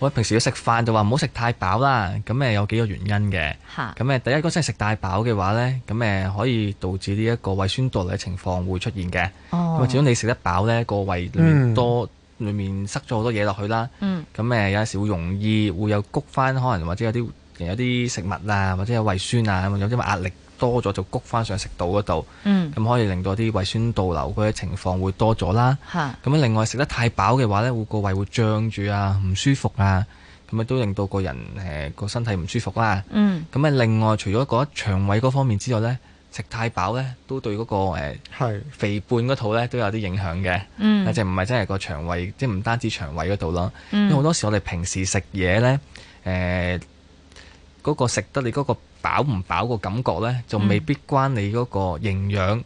我平時要食飯就話唔好食太飽啦，咁誒有幾個原因嘅。咁誒哈第一個真係食太飽嘅話呢，咁誒可以導致呢一個胃酸倒流嘅情況會出現嘅。咁為、哦、始終你食得飽呢，個胃裡面多、嗯、裏面塞咗好多嘢落去啦。咁誒、嗯、有時會容易會有谷翻，可能或者有啲有啲食物啊，或者有胃酸啊，有啲壓力。多咗就谷翻上食到道嗰度，咁、嗯、可以令到啲胃酸倒流嗰啲情況會多咗啦。咁的另外食得太飽嘅話呢，會個胃會脹住啊，唔舒服啊，咁啊都令到個人誒個、呃、身體唔舒服啦。咁啊、嗯，另外除咗個腸胃嗰方面之外呢，食太飽呢，都對嗰、那個、呃、的肥胖嗰套呢都有啲影響嘅，就唔係真係個腸胃，即係唔單止腸胃嗰度咯。嗯、因為好多時我哋平時食嘢呢，嗰、呃那個食得你嗰、那個。飽唔飽個感覺呢，就未必關你嗰個營養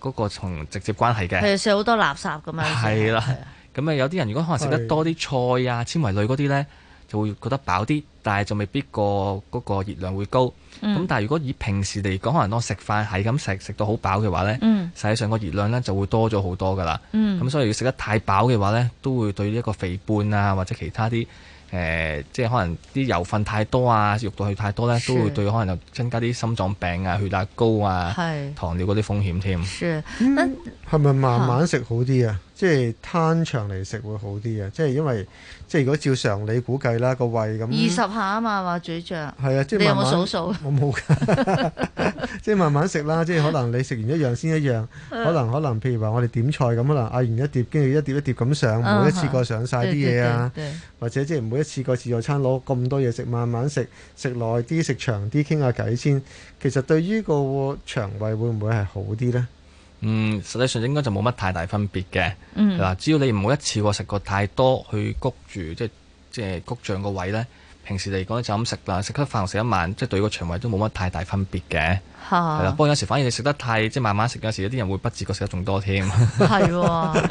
嗰個同直接關係嘅。譬如食好多垃圾咁樣。係啦，咁啊有啲人如果可能食得多啲菜啊、纖維的類嗰啲呢，就會覺得飽啲，但係就未必個嗰個熱量會高。咁、嗯、但係如果以平時嚟講，可能當食飯係咁食食到好飽嘅話呢，嗯、實際上個熱量呢就會多咗好多噶啦。咁、嗯、所以要食得太飽嘅話呢，都會對一個肥胖啊或者其他啲。誒、呃，即係可能啲油份太多啊，肉到去太多呢，都會對可能增加啲心臟病啊、血壓高啊、是糖尿嗰啲風險添、啊。係咪、嗯嗯、慢慢食好啲啊，啊，啊？即係攤長嚟食會好啲啊？即係因為。即係如果照常理估計啦，個胃咁二十下啊嘛話咀嚼，係啊，即係慢慢。你有冇數數啊？我冇㗎， 即係慢慢食啦。 即係可能你食完一樣先一樣， 可能可能譬如話我哋點菜咁，可能嗌完一碟，跟住一碟一碟咁上，uh huh. 每一次過上晒啲嘢啊，或者即係每一次過自助餐攞咁多嘢食，慢慢食，食耐啲，食長啲，傾下偈先。其實對於個腸胃會唔會係好啲咧？嗯，實際上應該就冇乜太大分別嘅，嗯、只要你唔好一次過食過太多，去谷住，即係即係谷脹個胃呢。平時嚟講就咁食啦，食得飯食一晚，即係對個腸胃都冇乜太大分別嘅。嚇！係啦，不過有時反而你食得太，即係慢慢食。有時有啲人會不自覺食得仲多添啊。係。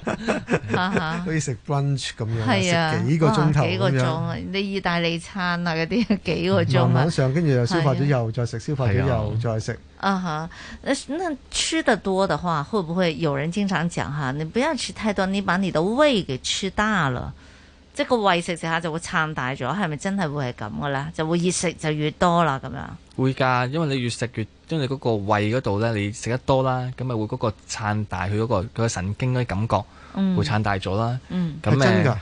可以食 brunch 咁樣，食幾個鐘頭咁樣。幾個鐘啊？你意大利餐啊嗰啲幾個鐘？晚上跟住又消化咗又再食，消化咗又再食。啊哈！那吃得多嘅話，會唔會有人經常講哈？你不要吃太多，你把你的胃給吃大了。即係個胃食食下就會撐大咗，係咪真係會係咁嘅咧？就會越食就越多啦，咁樣會㗎。因為你越食越，因為你嗰個胃嗰度咧，你食得多啦，咁咪會嗰個撐大佢嗰、佢個嗰個神經嘅感覺會撐大咗啦。嗯，咁誒樣、呃、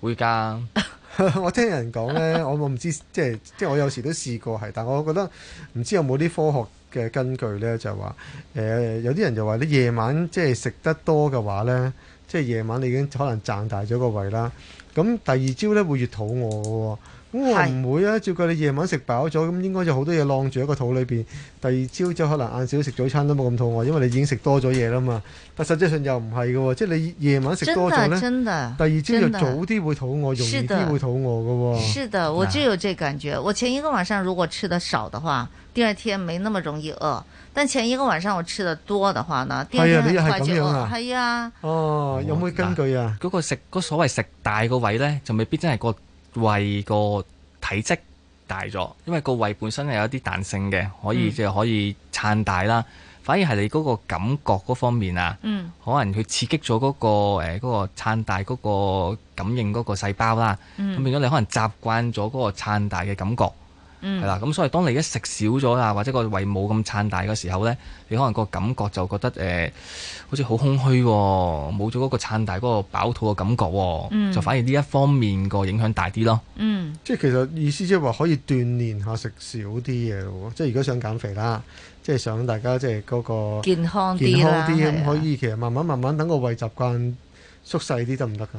會㗎。 我聽人講咧，我我唔知即係即係我有時都試過係，但我覺得唔知有冇啲科學嘅根據咧，就係話誒有啲人就話你夜晚即係食得多嘅話咧，即係夜晚你已經可能撐大咗個胃啦。咁第二朝咧會越肚餓嘅喎，咁我唔會啊，照計你夜晚食飽咗，咁應該就好多嘢晾住喺個肚裏邊。第二朝就可能晏少食早餐都冇咁肚餓，因為你已經食多咗嘢啦嘛。但實際上又唔係嘅喎，即係你夜晚食多咗咧，真的真的第二朝就早啲會肚餓，的容易啲會肚餓嘅喎。是的，我就有這感覺。我前一個晚上如果吃得少的話，第二天沒那麼容易餓。但前一個晚上我吃得多的話呢，第二天很快就，係啊，哦，有冇根據啊？嗰、嗰個食、嗰個、所謂食大個胃呢，就未必真係個胃個體積大咗，因為個胃本身係有一啲彈性嘅，可以即係、嗯、可以撐大啦。反而係你嗰個感覺嗰方面啊，嗯、可能佢刺激咗嗰、嗰個誒、欸嗰個撐大嗰個感應嗰個細胞啦。咁、嗯、變咗你可能習慣咗嗰個撐大嘅感覺。係啦，咁所以當你一食少咗啦，或者個胃冇咁撐大嘅時候呢，你可能個感覺就覺得誒、呃，好似好空虛、哦，冇咗嗰個撐大嗰個飽肚嘅感覺、哦，嗯、就反而呢一方面個影響大啲咯。嗯、即係其實意思即係話可以鍛鍊下食少啲嘢，即係如果想減肥啦，即係想大家即係嗰個健康啲咁，啊、可以其實慢慢慢慢等個胃習慣縮細啲得唔得㗎？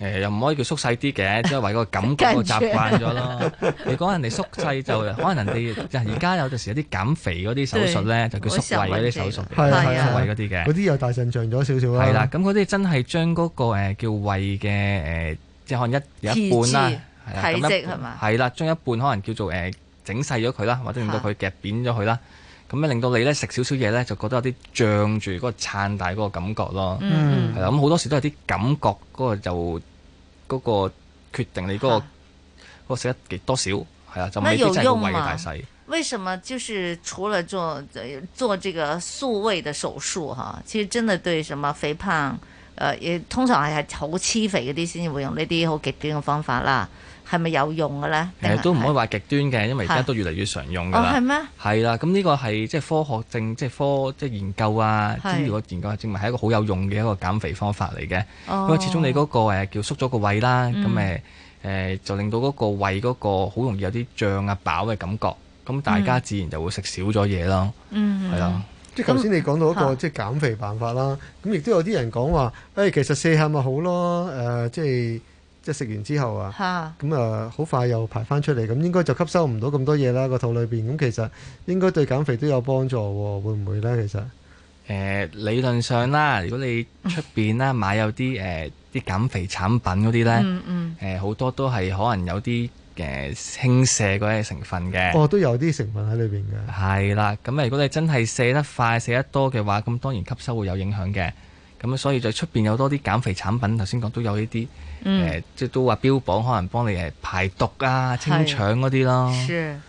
誒又唔可以叫縮細啲嘅，即係為個感覺、嗰個習慣咗咯。你講 人哋縮細就可能人哋就而家有陣時有啲減肥嗰啲手術咧，對就叫縮胃嗰啲手術，係係縮胃嗰啲嘅。嗰啲、嗯、是又大陣仗咗少少啦。係啦，咁嗰啲真係將嗰個叫胃嘅誒、呃，即係可能一有一半質啦，係啊，積嗎啦，將一半可能叫做誒整細咗佢啦，或者令到佢夾扁咗佢啦，咁啊令到你咧食少少嘢咧就覺得有啲脹住嗰、嗰個撐大嗰個感覺咯。嗯，係啦，咁好多時都有啲感覺嗰、嗰個就。嗰個決定你嗰、那個食得幾多少係啊，就未必真係無大細。為什麼，就是除了做做這個素胃的手術哈、啊，其實真的對什麼肥胖，呃，通常係好痴肥嗰啲先會用，呢啲好極端嘅方法啦。係咪有用嘅咧？其實都唔可以話極端嘅，因為而家都越嚟越常用㗎啦。哦，係咩？係啦，咁呢個係即係科學性，即係科即係研究啊。如果研究係證明係一個好有用嘅一個減肥方法嚟嘅，哦、因為始終你嗰個誒叫縮咗個胃啦，咁誒誒就令到嗰個胃嗰個好容易有啲脹啊飽嘅感覺，咁、嗯、大家自然就會食少咗嘢咯。嗯，係啦。即係頭先你講到一個即係減肥辦法啦，咁亦都有啲人講話誒，其實四下咪好咯，誒、呃、即係。即係食完之後啊，咁啊好快又排返出嚟，咁應該就吸收唔到咁多嘢啦個肚裏邊。咁其實應該對減肥都有幫助，會唔會呢？其實、呃，誒理論上啦，如果你出邊啦買有啲誒啲減肥產品嗰啲呢，誒好、嗯嗯呃、多都係可能有啲誒輕瀉嗰啲成分嘅。哦，都有啲成分喺裏邊嘅。係啦，咁如果你真係瀉得快、瀉得多嘅話，咁當然吸收會有影響嘅。咁、嗯、所以就出面有多啲減肥產品，頭先講都有呢啲即係都話標榜可能幫你排毒啊、清腸嗰啲咯，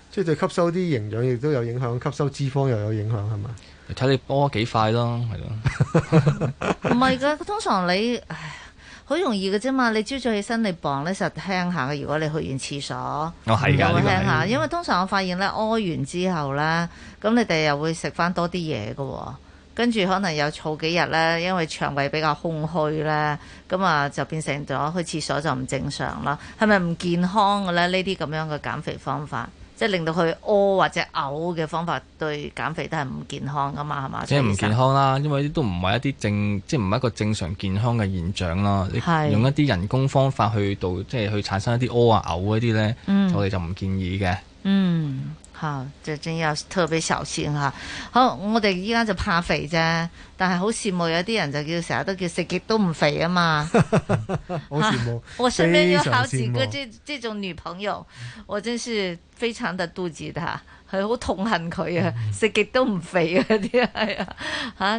即係對吸收啲營養亦都有影響，吸收脂肪又有影響係嘛？睇你波幾快咯，係咯，唔係㗎，通常你好容易嘅啫嘛，你朝早起身你磅呢實輕下嘅，如果你去完廁所，哦、又會輕下，因為通常我發現呢，屙完之後呢，咁你哋又會食翻多啲嘢喎。跟住可能又儲幾日咧，因為腸胃比較空虛咧，咁啊就變成咗去廁所就唔正常啦。係咪唔健康嘅咧？呢啲咁樣嘅減肥方法，即係令到佢屙或者嘔嘅方法，對減肥都係唔健康㗎嘛？係嘛？即係唔健康啦，因為都唔係一啲正，即係唔係一個正常健康嘅現象啦。是用一啲人工方法去到，即係去產生一啲屙啊嘔嗰啲咧，嗯、我哋就唔建議嘅。嗯。嚇、啊，就真要特別小心、啊。嚇。好，我哋依家就怕肥啫，但係好羨慕有啲人就叫成日都叫食極都唔肥啊嘛。好羨、 啊、 慕。啊、羨慕我身邊有好幾個這這種女朋友，我真是非常的妒忌，佢、啊、好痛恨佢、嗯、啊！食、啊、極都唔肥嗰啲係啊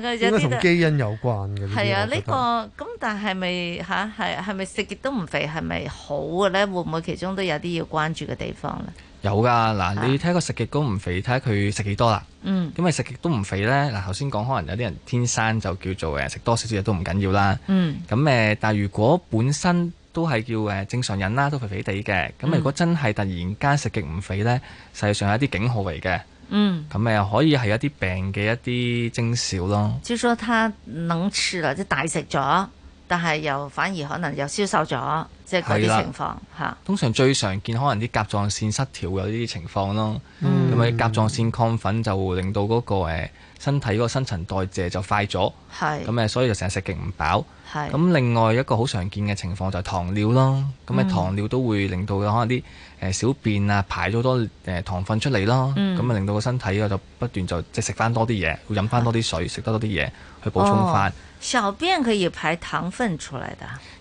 嚇，同基因有關嘅。係啊，呢、啊這個咁但係咪嚇係係咪食極都唔肥係咪好嘅咧？會唔會其中都有啲要關注嘅地方咧？有噶，嗱，你睇下個食極都唔肥，睇下佢食幾多啦、啊。嗯，咁啊食極都唔肥咧，嗱，頭先講可能有啲人天生就叫做誒食多少少嘢都唔緊要啦。嗯，咁誒，但係如果本身都係叫誒正常人啦，都肥肥地嘅，咁如果真係突然間食極唔肥咧，實際上係一啲警號嚟嘅。嗯，咁誒可以係一啲病嘅一啲徵兆咯就說。就是他冷刺啦，即大食咗。但係又反而可能又消瘦咗，即係嗰啲情況嚇。的是通常最常見可能啲甲狀腺失調有呢啲情況咯，同埋、嗯、甲狀腺亢奮就會令到嗰個身體嗰個新陳代謝就快咗，咁誒是所以就成日食極唔飽。咁是另外一個好常見嘅情況就係糖尿咯，咁嘅、嗯、糖尿都會令到可能啲誒小便啊排咗多誒糖分出嚟咯，咁啊、嗯、令到個身體啊就不斷就即係食翻多啲嘢，飲翻多啲水，食得、啊、多啲嘢去補充翻、哦。小便可以排糖分出嚟㗎，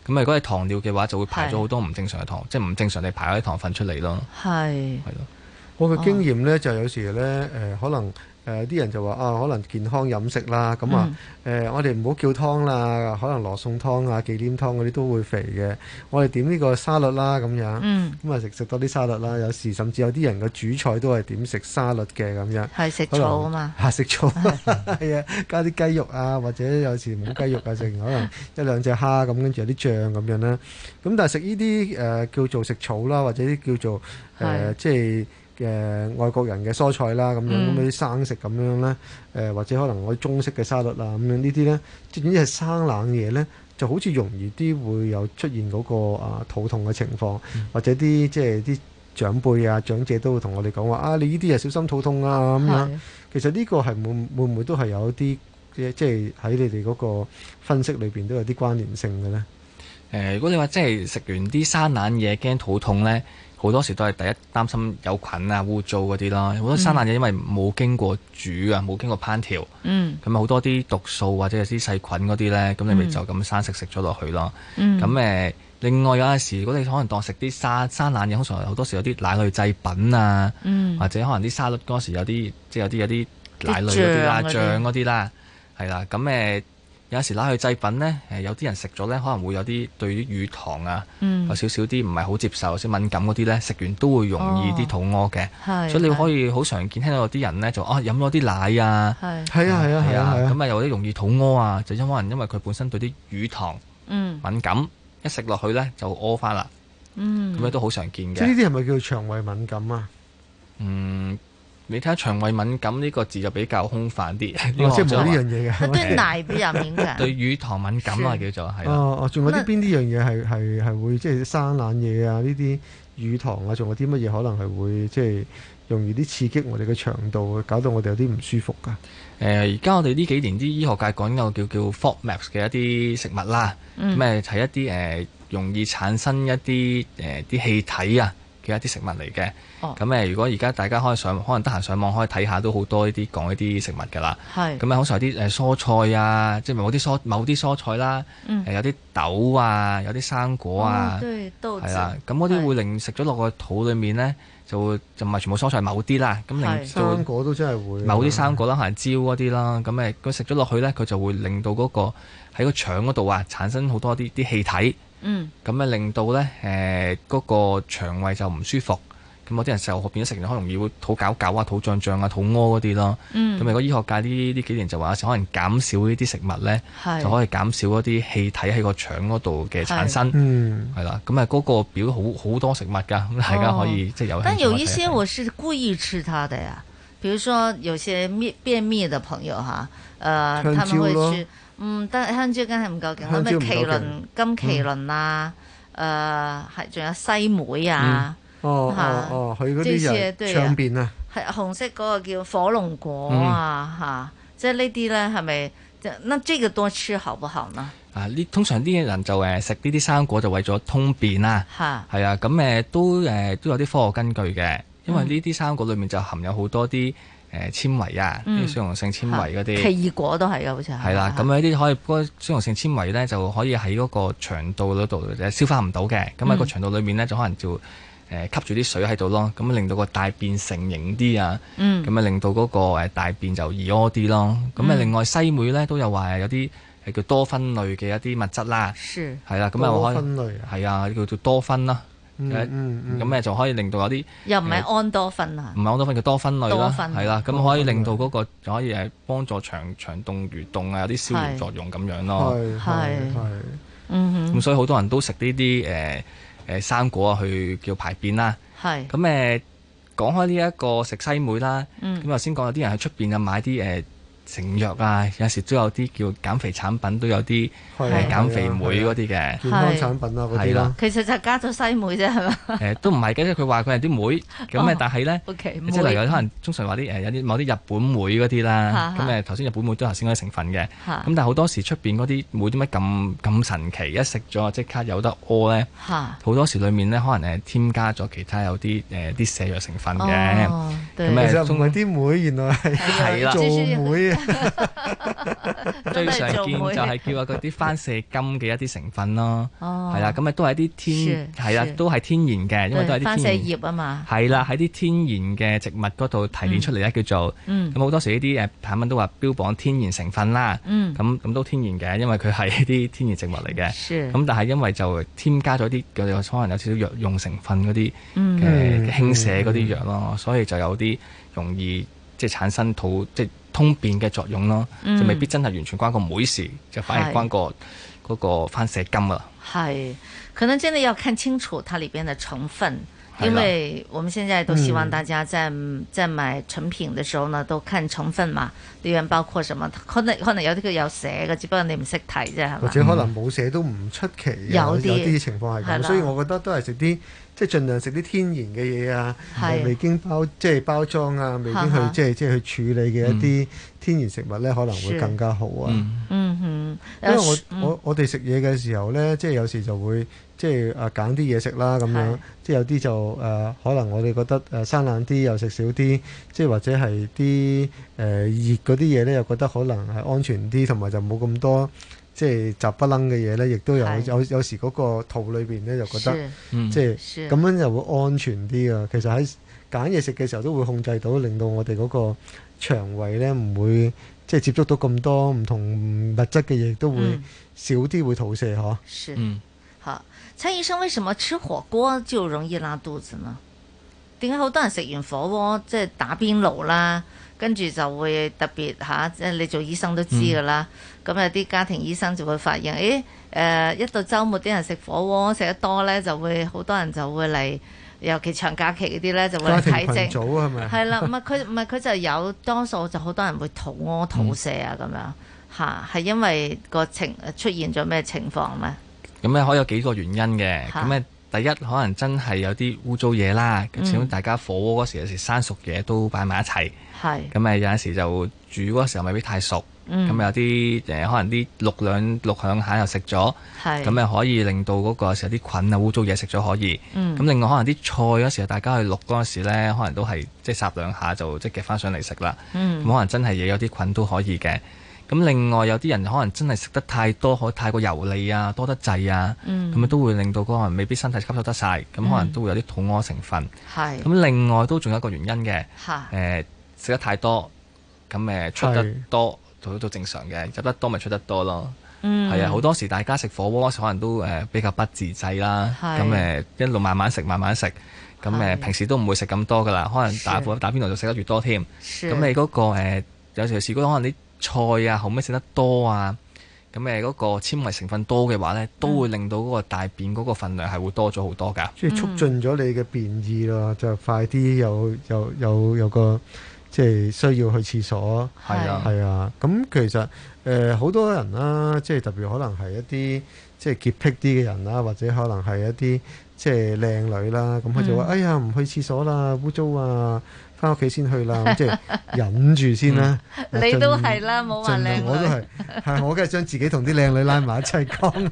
咁如果係糖尿嘅話，就會排咗好多唔正常嘅糖，即係唔正常地排嗰啲糖分出嚟咯。係係咯，我嘅經驗呢，就有時呢，誒可能。誒啲、呃、人就話啊，可能健康飲食啦，咁啊，誒、嗯呃、我哋唔好叫湯啦，可能羅宋湯啊、忌廉湯嗰啲都會肥嘅。我哋點呢個沙律啦，咁樣，咁啊食食多啲沙律啦。有時甚至有啲人嘅主菜都係點食沙律嘅咁樣，係食草啊嘛，嚇食草，係啊， 加啲雞肉啊，或者有時冇雞肉啊，剩 可能一兩隻蝦咁，跟住有啲醬咁樣啦。咁但係食呢啲誒叫做食草啦，或者叫做誒即係。呃嘅外國人嘅蔬菜啦，咁樣咁啲生食咁樣咧，誒或者可能我啲中式嘅沙律啊，咁樣呢啲咧，即係生冷嘢咧，就好似容易啲會有出現嗰個啊肚痛嘅情況，或者啲即係啲長輩啊長者都會同我哋講話啊，你呢啲係小心肚痛啊咁樣。其實呢個係會會唔會都係有一啲即係喺你哋嗰個分析裏邊都有啲關聯性嘅咧？誒，如果你話即係食完啲生冷嘢驚肚痛咧？好多時都係第一擔心有菌啊、污糟嗰啲囉。好多生冷嘢因為冇經過煮啊，冇、嗯、經過烹調，咁好、嗯、多啲毒素或者有啲細菌嗰啲咧，咁、嗯、你咪就咁生食食咗落去咯。咁、嗯、另外有陣時，如果你可能當食啲生生冷嘢，通常好多時有啲奶類製品啊，嗯、或者可能啲沙律嗰時有啲即係有啲有啲奶類嗰啲啦、醬嗰啲啦，係啦。咁誒。呃有時拉去製品呢，有啲人食咗呢可能會有啲對於乳糖啊，嗯、有少少啲唔係好接受，有啲敏感嗰啲呢，食完都會容易啲肚屙嘅。哦、所以你可以好常見聽到有啲人呢，就哦飲咗啲奶啊，係的，係啊係啊係啊，咁啊有啲容易肚屙啊，就因為可能因為佢本身對啲乳糖敏感，嗯、一食落去呢就屙翻啦。嗯，咁樣都好常見嘅。咁呢啲係咪叫腸胃敏感啊？嗯。你睇下腸胃敏感呢個字就比較空泛啲，啊、我即係冇呢樣嘢嘅。對奶比較敏感， 對乳糖敏感啊，叫做係哦仲有啲邊啲樣嘢係係係會即係生冷嘢啊？呢啲乳糖啊，仲、啊、有啲乜嘢可能係會即係、就是、容易啲刺激我哋嘅腸道，搞到我哋有啲唔舒服噶、啊？誒、呃，而家我哋呢幾年啲醫學界講有叫叫 FODMAP 嘅一啲食物啦，咩、嗯？誒係一啲誒、呃、容易產生一啲誒啲氣體啊。嘅一啲食物嚟嘅，咁、哦、如果而家大家可以上，可能得閒上網可以睇下，都好多呢啲講呢啲食物噶啦。係。咁啊，好似有啲蔬菜啊，即係某啲蔬某啲蔬菜啦、啊嗯呃，有啲豆啊，有啲生果啊，係啦、嗯。咁嗰啲會令食咗落個肚裏面咧，就會就唔係全部蔬菜，某啲啦。咁令生果都真係會。某啲生果啦，可能蕉嗰啲啦，咁佢食咗落去咧，佢就會令到嗰個喺個腸嗰度啊，產生好多啲啲氣體。嗯，咁咪令到咧，誒、呃、嗰、那個腸胃就唔舒服，咁有啲人就變咗食嘢，可能容易會肚搞搞啊、肚脹脹啊、肚屙嗰啲咯。嗯，咁咪個醫學界呢呢幾年就話，可能減少呢啲食物咧，是就可以減少嗰啲氣體喺個腸嗰度嘅產生。是的嗯，係啦，咁啊嗰個表好好多食物噶，咁、哦、大家可以即係、就是、有看看。但有一些我是故意吃它的呀，譬如說有些便秘的朋友哈，呃，他們會嗯，得，香蕉梗係唔夠勁。香咩麒麟、嗯、金麒麟啊？誒、呃，係仲有西梅啊？哦哦、嗯、哦，佢嗰啲人腸便啊，係紅色嗰個叫火龍果啊，嚇、嗯啊！即係呢啲咧係咪？那即係多處含不含啦？啊，呢通常呢啲人就誒食呢啲生果就為咗通便啦。嚇，係啊，咁誒、啊呃、都誒、呃、都有啲科學根據嘅，因為呢啲生果裡面就含有好多啲。誒纖維啊，啲水溶性纖維嗰啲，奇異果都係嘅，好似係。係啦的，咁樣啲可以嗰水溶性纖維咧，就可以喺嗰個腸道嗰度，度、嗯、消化唔到嘅，咁喺個腸道裏面咧就可能就、呃、吸住啲水喺度咯，咁令到個大便成型啲啊，咁啊、嗯、令到嗰個大便就易屙啲咯。咁啊、嗯，另外西梅咧都又有話有啲係叫多酚類嘅一啲物質啦，係啦是，咁又的、啊、可以係啊，叫做多酚啦。嗯咁、嗯嗯嗯、就可以令到有啲又唔係安多酚，啊？唔係、呃、安多酚，叫多酚類啦，係分啦，咁可以令到嗰、嗰個可以幫助腸腸動、蠕動啊，有啲消炎作用咁樣咯。係咁所以好多人都食呢啲誒生果啊，去叫排便啦。係是。咁誒、呃，講開呢一個食西梅啦。咁頭先講有啲人喺出邊啊買啲誒。呃成藥啊，有時都有啲叫減肥產品，都有啲減減肥梅嗰啲嘅健康產品啊，嗰啲其實就加咗西梅啫，係嘛？都唔係嘅，因為佢話佢係啲梅。咁但係咧，即係例如可能通常話啲有啲某啲日本梅嗰啲啦，咁誒頭先日本梅都頭先嗰成分嘅，咁但係好多時出面嗰啲梅，點解咁咁神奇，一食咗即刻有得屙咧，好多時裏面呢，可能誒添加咗其他有啲誒啲瀉藥成分嘅，其實唔係啲梅，原來係做 最常見就係叫啊嗰啲番瀉金嘅一啲成分咯。係啦、哦，咁啊都係啲天係啦，都係天、啊、天然嘅，因為都係啲番瀉葉啊嘛，係啦、啊，喺啲天然嘅植物嗰度提煉出嚟咧，嗯、叫做咁好多時呢啲誒產品都話標榜天然成分啦，咁咁、嗯、都係天然嘅，因為佢係一啲天然植物嚟嘅，咁是但係因為就添加咗啲有可能有少少藥用成分嗰啲嘅輕瀉嗰啲藥咯，所以就有啲容易即係、就是、產生肚。即、就是通便嘅作用咯，就未必真係完全關個妹事，嗯、就反而關那個嗰個翻射金啊。係，可能真係要看清楚它裏邊嘅成分，的因為我們現在都希望大家在、嗯、在買成品嘅時候呢，都看成分嘛，裏面包括什麼？可能可能有啲佢有寫嘅，只不過你唔識睇啫，係嘛？或者可能冇寫都唔出奇，有啲些情況係咁，的所以我覺得都係食啲。即係盡量食啲天然嘅嘢啊，嗯、未經包即係包裝啊，未經去哈哈即係即係去處理嘅一啲天然食物咧，可能會更加好啊。嗯哼，嗯嗯嗯，因為我我我哋食嘢嘅時候咧，即係有時就會即係誒揀啲嘢食啦，咁樣是即係有啲就啊、呃，可能我哋覺得啊、呃、生冷啲又食少啲，即係或者係啲誒熱嗰啲嘢咧，又覺得可能係安全啲，同埋就冇咁多。即係雜不楞嘅嘢咧，亦都有是有有時嗰個肚裏邊咧就覺得，是即係咁是樣就會安全啲啊。其實喺揀嘢食嘅時候都會控制到，令到我哋嗰個腸胃咧唔會即係接觸到咁多唔同物質嘅嘢，都會少啲，嗯、會吐瀉嗬。是嗯，吓，蔡醫生，為什麼吃火鍋就容易拉肚子呢？點解好多人食完火鍋即係打邊爐啦，跟住就會特別吓，即係你做醫生都知㗎啦。嗯咁有啲家庭醫生就會發現，誒、哎、誒，一、呃、到週末啲人食火鍋食得多咧，就會好多人就會嚟，尤其長假期嗰啲咧就會，嚟睇症。家庭羣組係咪？係啦，唔係佢唔係佢就有多數就好多人會肚屙、肚瀉啊咁樣嚇，係因為個情出現咗咩情況咩？咁咧、嗯嗯、可以有幾個原因嘅？咁咧、啊、第一可能真係有啲污糟嘢啦，嗯、始終大家火鍋嗰時有時生熟嘢都擺埋一齊，係咁啊！有陣時就煮嗰時候未必太熟。咁、嗯、有啲誒、呃，可能啲錄兩錄兩下又食咗，咁誒，是可以令到嗰個有時候啲菌啊、污糟嘢食咗可以。咁、嗯、另外可能啲菜嗰時候大家去錄嗰陣時呢，可能都係即係烚兩下就即係夾翻上嚟食啦。咁、嗯、可能真係嘢有啲菌都可以嘅。咁另外有啲人可能真係食得太多，可太過油膩啊，多得滯啊，咁啊、嗯、都會令到嗰個人未必身體吸收得晒。咁可能都會有啲肚屙成分。咁、嗯、另外都仲有一個原因嘅，食哈、呃、得太多，咁誒出得多。都正常嘅，入得多咪出得多咯，係啊、嗯，好多時大家食火鍋時可能都、呃、比較不自制啦，咁是、呃、一路慢慢食慢慢食，咁、呃、是平時都唔會食咁多噶啦，可能打火打邊爐就食得越多添，咁是你嗰、那個、呃、有時試過可能啲菜啊後尾食得多啊，咁誒嗰個纖維成分多嘅話咧，嗯、都會令到嗰個大便嗰個份量係會多咗好多噶，即係促進咗你嘅便意咯，就快啲有有有有個。即係需要去廁所，係是啊，啊，係、呃、啊。咁其實誒好多人啦，即係特別可能係一啲即係潔癖啲嘅人啦、啊，或者可能係一啲即係靚女啦。咁佢、嗯、就話：哎呀，唔去廁所啦，污糟啊！翻屋企先去啦，咁、嗯、即係忍住先、嗯啊、啦。量你都係啦，冇話靚女，我都係，係 我梗係將自己同啲靚女拉埋一齊講。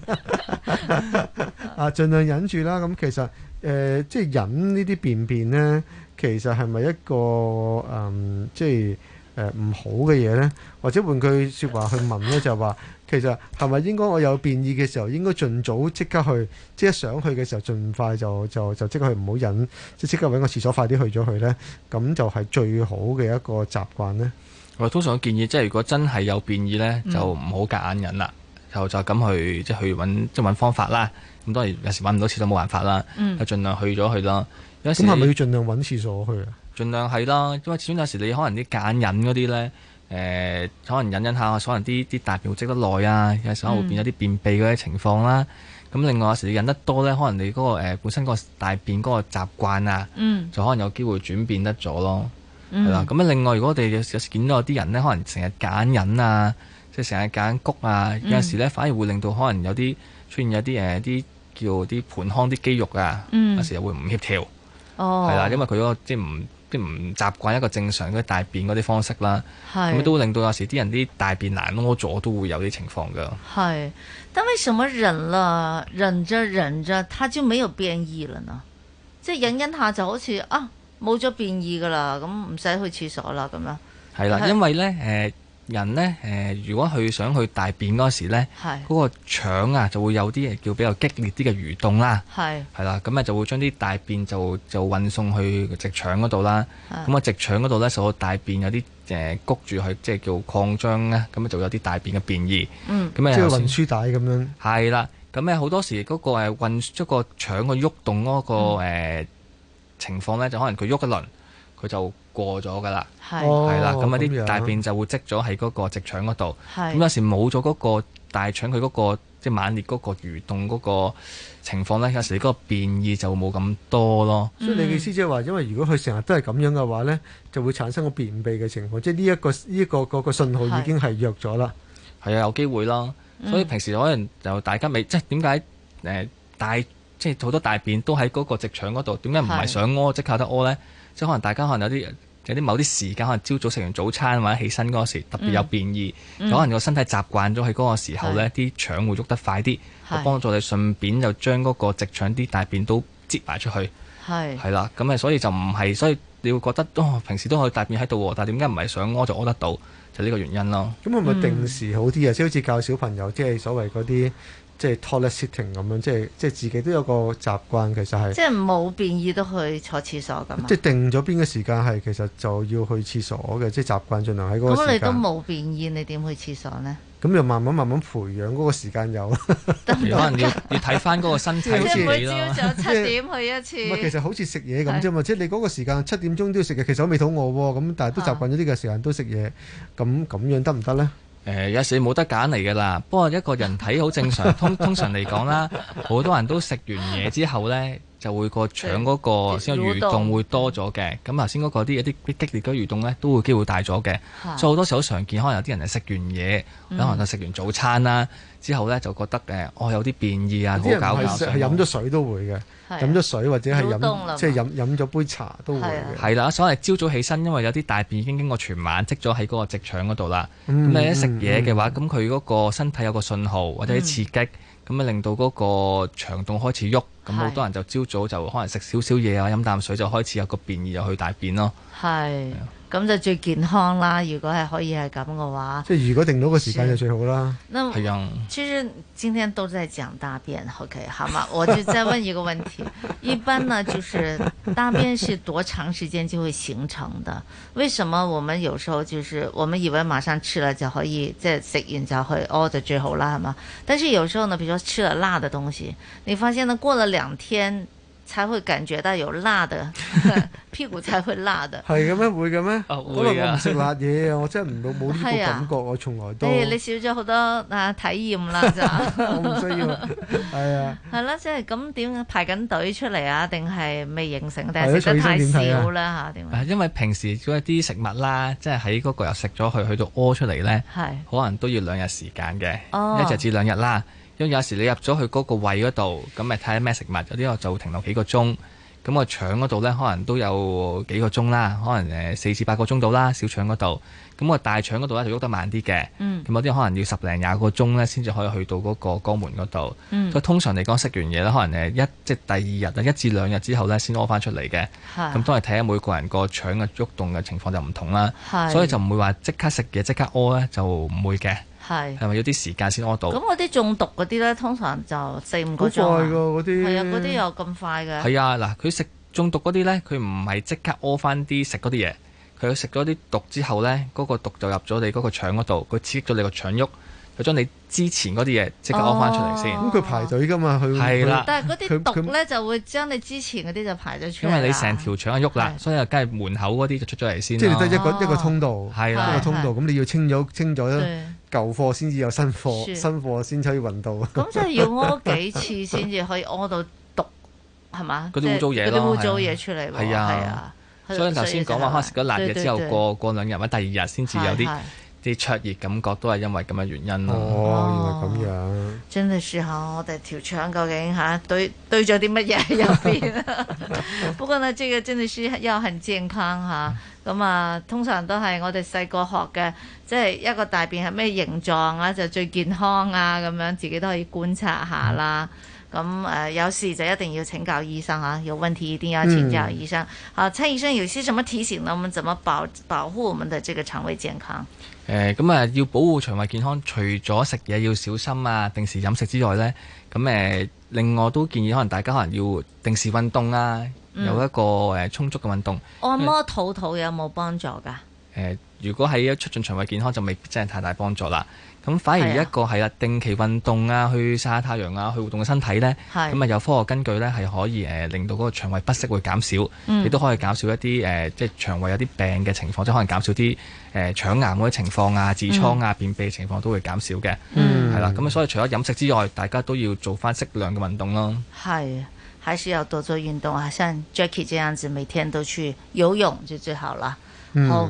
啊，盡量忍住啦。咁其實誒、呃，即係忍呢啲便便咧。其實係咪一個誒、嗯，即係誒唔好嘅嘢呢？或者換句説話去問呢，就係話其實係咪應該我有便意嘅時候，應該盡早即刻去，即係想去嘅時候盡快就就就即刻去，唔好忍，即即刻揾個廁所快啲去咗去呢，咁就係最好嘅一個習慣咧。我通常我建議，即係如果真係有便意呢，就唔好夾硬忍啦。嗯就就咁去，即、就、係、是、去揾，即、就、係、是、方法啦。咁當然有時揾唔到廁就冇辦法啦，嗯、就盡量去咗去咯。咁係咪要盡量揾廁所去啊？盡量係啦，因為始終有時你可能啲揀忍嗰啲咧，可能忍忍下，可能啲啲大便會積得耐啊，有時可能會變咗啲便秘嗰啲情況啦、啊。咁、嗯、另外有時你忍得多咧，可能你嗰個本身個大便嗰個習慣啊，嗯、就可能有機會轉變得咗咯，啦、嗯。咁另外，如果我哋有時見到有啲人咧，可能成日揀忍啊。即係成日揀谷啊，有陣時咧反而會令到可能有啲出現有啲誒啲叫啲盆腔啲肌肉啊，嗯、有時又會唔協調，係啦、哦，因為佢嗰個即係唔即係唔習慣一個正常嘅大便嗰啲方式啦，咁都令到有時啲人啲大便難屙咗都會有啲情況㗎。係，但為什麼忍啦忍着忍着，它就沒有便意了呢？即係忍忍下就好似啊冇咗便意㗎啦，咁唔使去廁所啦咁樣。係啦，因為咧誒。呃人咧、呃，如果佢想去大便嗰時咧，嗰係個腸啊就會有啲叫比較激烈啲嘅蠕動啦，係係啦，咁啊就會將啲大便就就運送去直腸嗰度啦。咁啊係，直腸嗰度咧受到大便有啲誒谷住去，即係叫擴張咧，咁啊就有啲大便嘅變異。嗯，咁啊即係運輸帶咁樣。係啦，咁啊好多時嗰個誒運出、嗰個腸喐動嗰、嗰個、嗯呃、情況咧，就可能佢喐一輪，佢就。過咗噶啦，係啦、哦，咁啊啲大便就會積咗喺嗰個直腸嗰度，咁有時冇咗嗰個大腸佢嗰個即係猛烈嗰個蠕動嗰個情況咧，有時嗰個便意就冇咁多咯。所以你嘅意思即係話，因為如果佢成日都係咁樣嘅話咧，就會產生個便秘嘅情況，即係呢一個呢、呢個、嗰個信號已經係弱咗啦，係啊，有機會咯。所以平時可能就大家未、嗯、即係點解誒大即係好多大便都喺嗰個直腸嗰度，點解唔係想屙即係靠得屙咧？即係可能大家可能有啲。有啲某啲時間，可能朝早食完早餐或者起身嗰時，特別有便意，嗯嗯、可能個身體習慣咗喺嗰個時候呢，啲是腸會喐得快啲，幫助你順便就將嗰個直腸啲大便都擠埋出去。係係是啦，咁誒，所以就唔係，所以你會覺得哦，平時都可以大便喺度，但係點解唔係想屙就屙得到？就呢、是、個原因咯。咁係咪定時好啲啊？即好似教小朋友，即係所謂嗰啲。即係 toilet sitting 咁樣，即係即係自己都有個習慣，其實係即係冇便意都去坐廁所咁。即係定咗邊個時間係其實就要去廁所嘅，即係習慣盡量喺嗰個時間，儘量喺嗰度。如果你都冇便意，你點去廁所咧？咁就慢慢慢慢培養嗰個時間有，有嗎可能要睇翻嗰個身體先理咯。即係每朝早上七點去一次。 其實好似食嘢咁啫嘛，對 即係你嗰個時間七點鐘都要食嘅，其實我未肚餓喎，咁對 但係都習慣咗呢個時間都食嘢，咁咁、啊、樣得唔得咧？誒、呃、有時冇得揀嚟㗎啦，不過一個人體好正常，通通常嚟講啦，好多人都食完嘢之後咧。就會個腸嗰個先蠕動會多咗嘅，咁頭先嗰啲一啲激烈嘅蠕動咧，都會機會大咗嘅。所以好多時候常見，可能有啲人係食完嘢，有可能就食完早餐啦之後咧就覺得誒，我有啲便意啊，好搞搞。啲人係飲咗水都會嘅，飲咗水或者係飲即係飲飲咗杯茶都會嘅。係啦，所以朝早起身，因為有啲大便已經經過全晚積咗喺嗰個直腸嗰度啦。咁你一食嘢嘅話，咁佢嗰個身體有個信號或者刺激。咁啊，令到嗰個腸動開始喐，咁好多人就朝早就可能食少少嘢啊，飲啖水就開始有個便意，就去大便咯。係是。咁就最健康啦！如果係可以係咁嘅話，即係如果定到個時間是就最好啦。係啊那，呀其實今天都在講大便，OK，好嘛，我就再問一個問題， 一般呢就是大便是多長時間就會形成的？為什麼我們有時候就是我們以為馬上吃了就可以，即係食完就可以，哦，就最好啦，係嘛？但是有時候呢，比如說吃了辣嘅東西，你發現呢過了兩天。才會感覺到有辣的，屁股才會辣的。係嘅咩？會嘅咩？因為我唔食辣嘢啊，我真係唔到冇呢個感覺，我從來都。誒，你少咗好多啊體驗啦，就。我唔需要，係啊。係啦，即係咁點排緊隊出嚟啊？定係未形成？定係食得太少啦？吓點？因為平時嗰啲食物啦，即係喺嗰個又食咗佢，去到屙出嚟咧，係可能都要兩日時間嘅，一日至兩日啦。因為有時你入咗去嗰個胃嗰度，咁咪睇下咩食物，有啲我就停留幾個鐘。咁個腸嗰度咧，可能都有幾個鐘啦，可能誒四至八個鐘到啦，小腸嗰度。咁個大腸嗰度咧就喐得慢啲嘅。嗯。咁有啲可能要十零廿個鐘咧，先至可以去到嗰個肛門嗰度。嗯。所以通常嚟講，食完嘢咧，可能誒一即係第二日啊，一至兩日之後咧，先屙翻出嚟嘅。係。咁都係睇下每個人個腸嘅喐動嘅情況就唔同啦。係。所以就唔會話即刻食嘢即刻屙咧，就唔會嘅。係咪有啲時間先屙到？咁嗰啲中毒嗰啲咧，通常就食唔嗰種係啊！嗰啲又咁快嘅係啊！嗱，佢食中毒嗰啲咧，佢唔係即刻屙翻啲食嗰啲嘢，佢食咗啲毒之後咧，嗰個毒就入咗你嗰個腸嗰度，佢刺激咗你個腸喐，佢將你之前嗰啲嘢即刻屙翻出嚟先。咁佢排隊㗎嘛？佢係啦，但係嗰啲毒咧就會將你之前嗰啲就排咗出。因為你成條腸喐啦，所以梗係門口嗰啲就出咗嚟先。即係得一個一個通道，係啦，一個通道，咁你要清咗清咗。舊貨先至有新貨，新貨先可以運到。咁就係要屙幾次先至可以屙到毒，係嘛？嗰啲污糟嘢咯，嗰啲污糟嘢出嚟。係啊，係啊。所以頭先講話，可能食咗辣嘢之後，過過兩日或第二日先至有啲。啲灼熱感覺都係因為咁嘅原因咯。咁、哦、原來咁樣。真係試下我哋條腸究竟吓、啊、對對咗啲乜嘢入邊，不過呢，呢、這個真係需要很健康吓。咁啊，啊，通常都係我哋細個學嘅，即、就、係、是、一個大便係咩形狀啊，就最健康啊，咁樣自己都可以觀察下啦。咁、啊、誒，有事就一定要請教醫生吓、啊，有問題一定要請教醫生。嗯、好，蔡醫生有些什麼提醒呢？我們怎麼保保護我們的這個腸胃健康？誒咁啊，要保護腸胃健康，除咗食嘢要小心啊，定時飲食之外呢，咁、呃、另外都建議可能大家可能要定時運動啊，嗯、有一個充足嘅運動。按摩肚肚有冇幫助噶、呃？如果喺一促進腸胃健康，就未必真係太大幫助啦。咁反而一個係啦，定期運動啊，去曬太陽啊，去活動個身體呢，咁啊是有科學根據呢，係可以令到嗰個腸胃不適會減少，亦都、嗯、可以減少一啲、呃、即係腸胃有啲病嘅情況，即可能減少啲。誒、呃、腸癌嗰啲情況啊、痔瘡啊、mm. 便秘情況都會減少嘅，係啦、mm.。咁所以除咗飲食之外，大家都要做翻適量嘅運動咯。係，還是要多做運動啊！像 Jackie 這樣子，每天都去游泳就最好啦。嗯、mm.。好。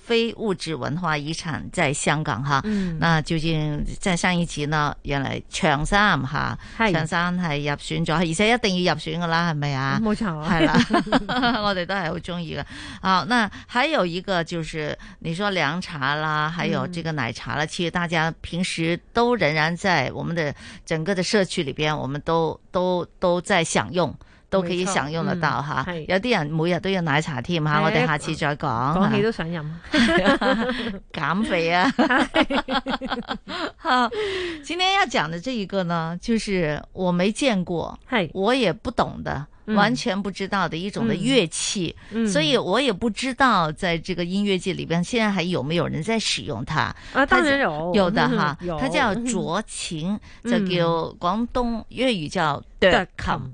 非物質文化遺產在香港哈，嗯、那究竟在上一期呢？原來長衫哈，長衫係入選咗，而且一定要入選噶啦，係咪啊？冇錯，係啦，我哋都係好中意嘅。好，那還有一個就是，你說涼茶啦，還有這個奶茶啦，嗯、其實大家平時都仍然在我們的整個的社區裏邊，我們都都都在享用。都可以享用得到，有啲人每日都要奶茶添嚇，我哋下次再講。講起都想飲，減肥啊！好，今天要講的這一個呢，就是我沒見過，我也不懂的，完全不知道的一種的樂器，所以我也不知道在這個音樂界裏邊，現在還有沒有人在使用它？啊，當然有，有的哈，它叫斲琴，就叫廣東粵語叫斲琴。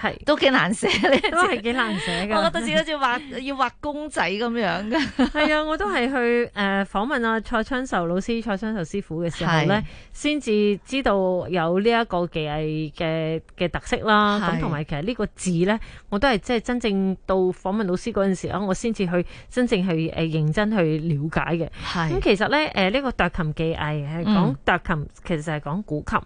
係，是都幾難寫咧，都係幾難寫嘅。我覺得自己好似畫， 要畫公仔咁樣嘅，係 啊，我都係去誒訪、呃、問、啊、蔡昌壽老師、蔡昌壽師傅嘅時候咧，先至是知道有呢一個技藝嘅嘅特色啦。咁同埋其實呢個字咧，我都係即係真正到訪問老師嗰陣時啊，我先至去真正去誒認真去了解嘅。咁是其實咧，誒、呃、呢、這個斲琴技藝係講斲琴，其實係講古琴。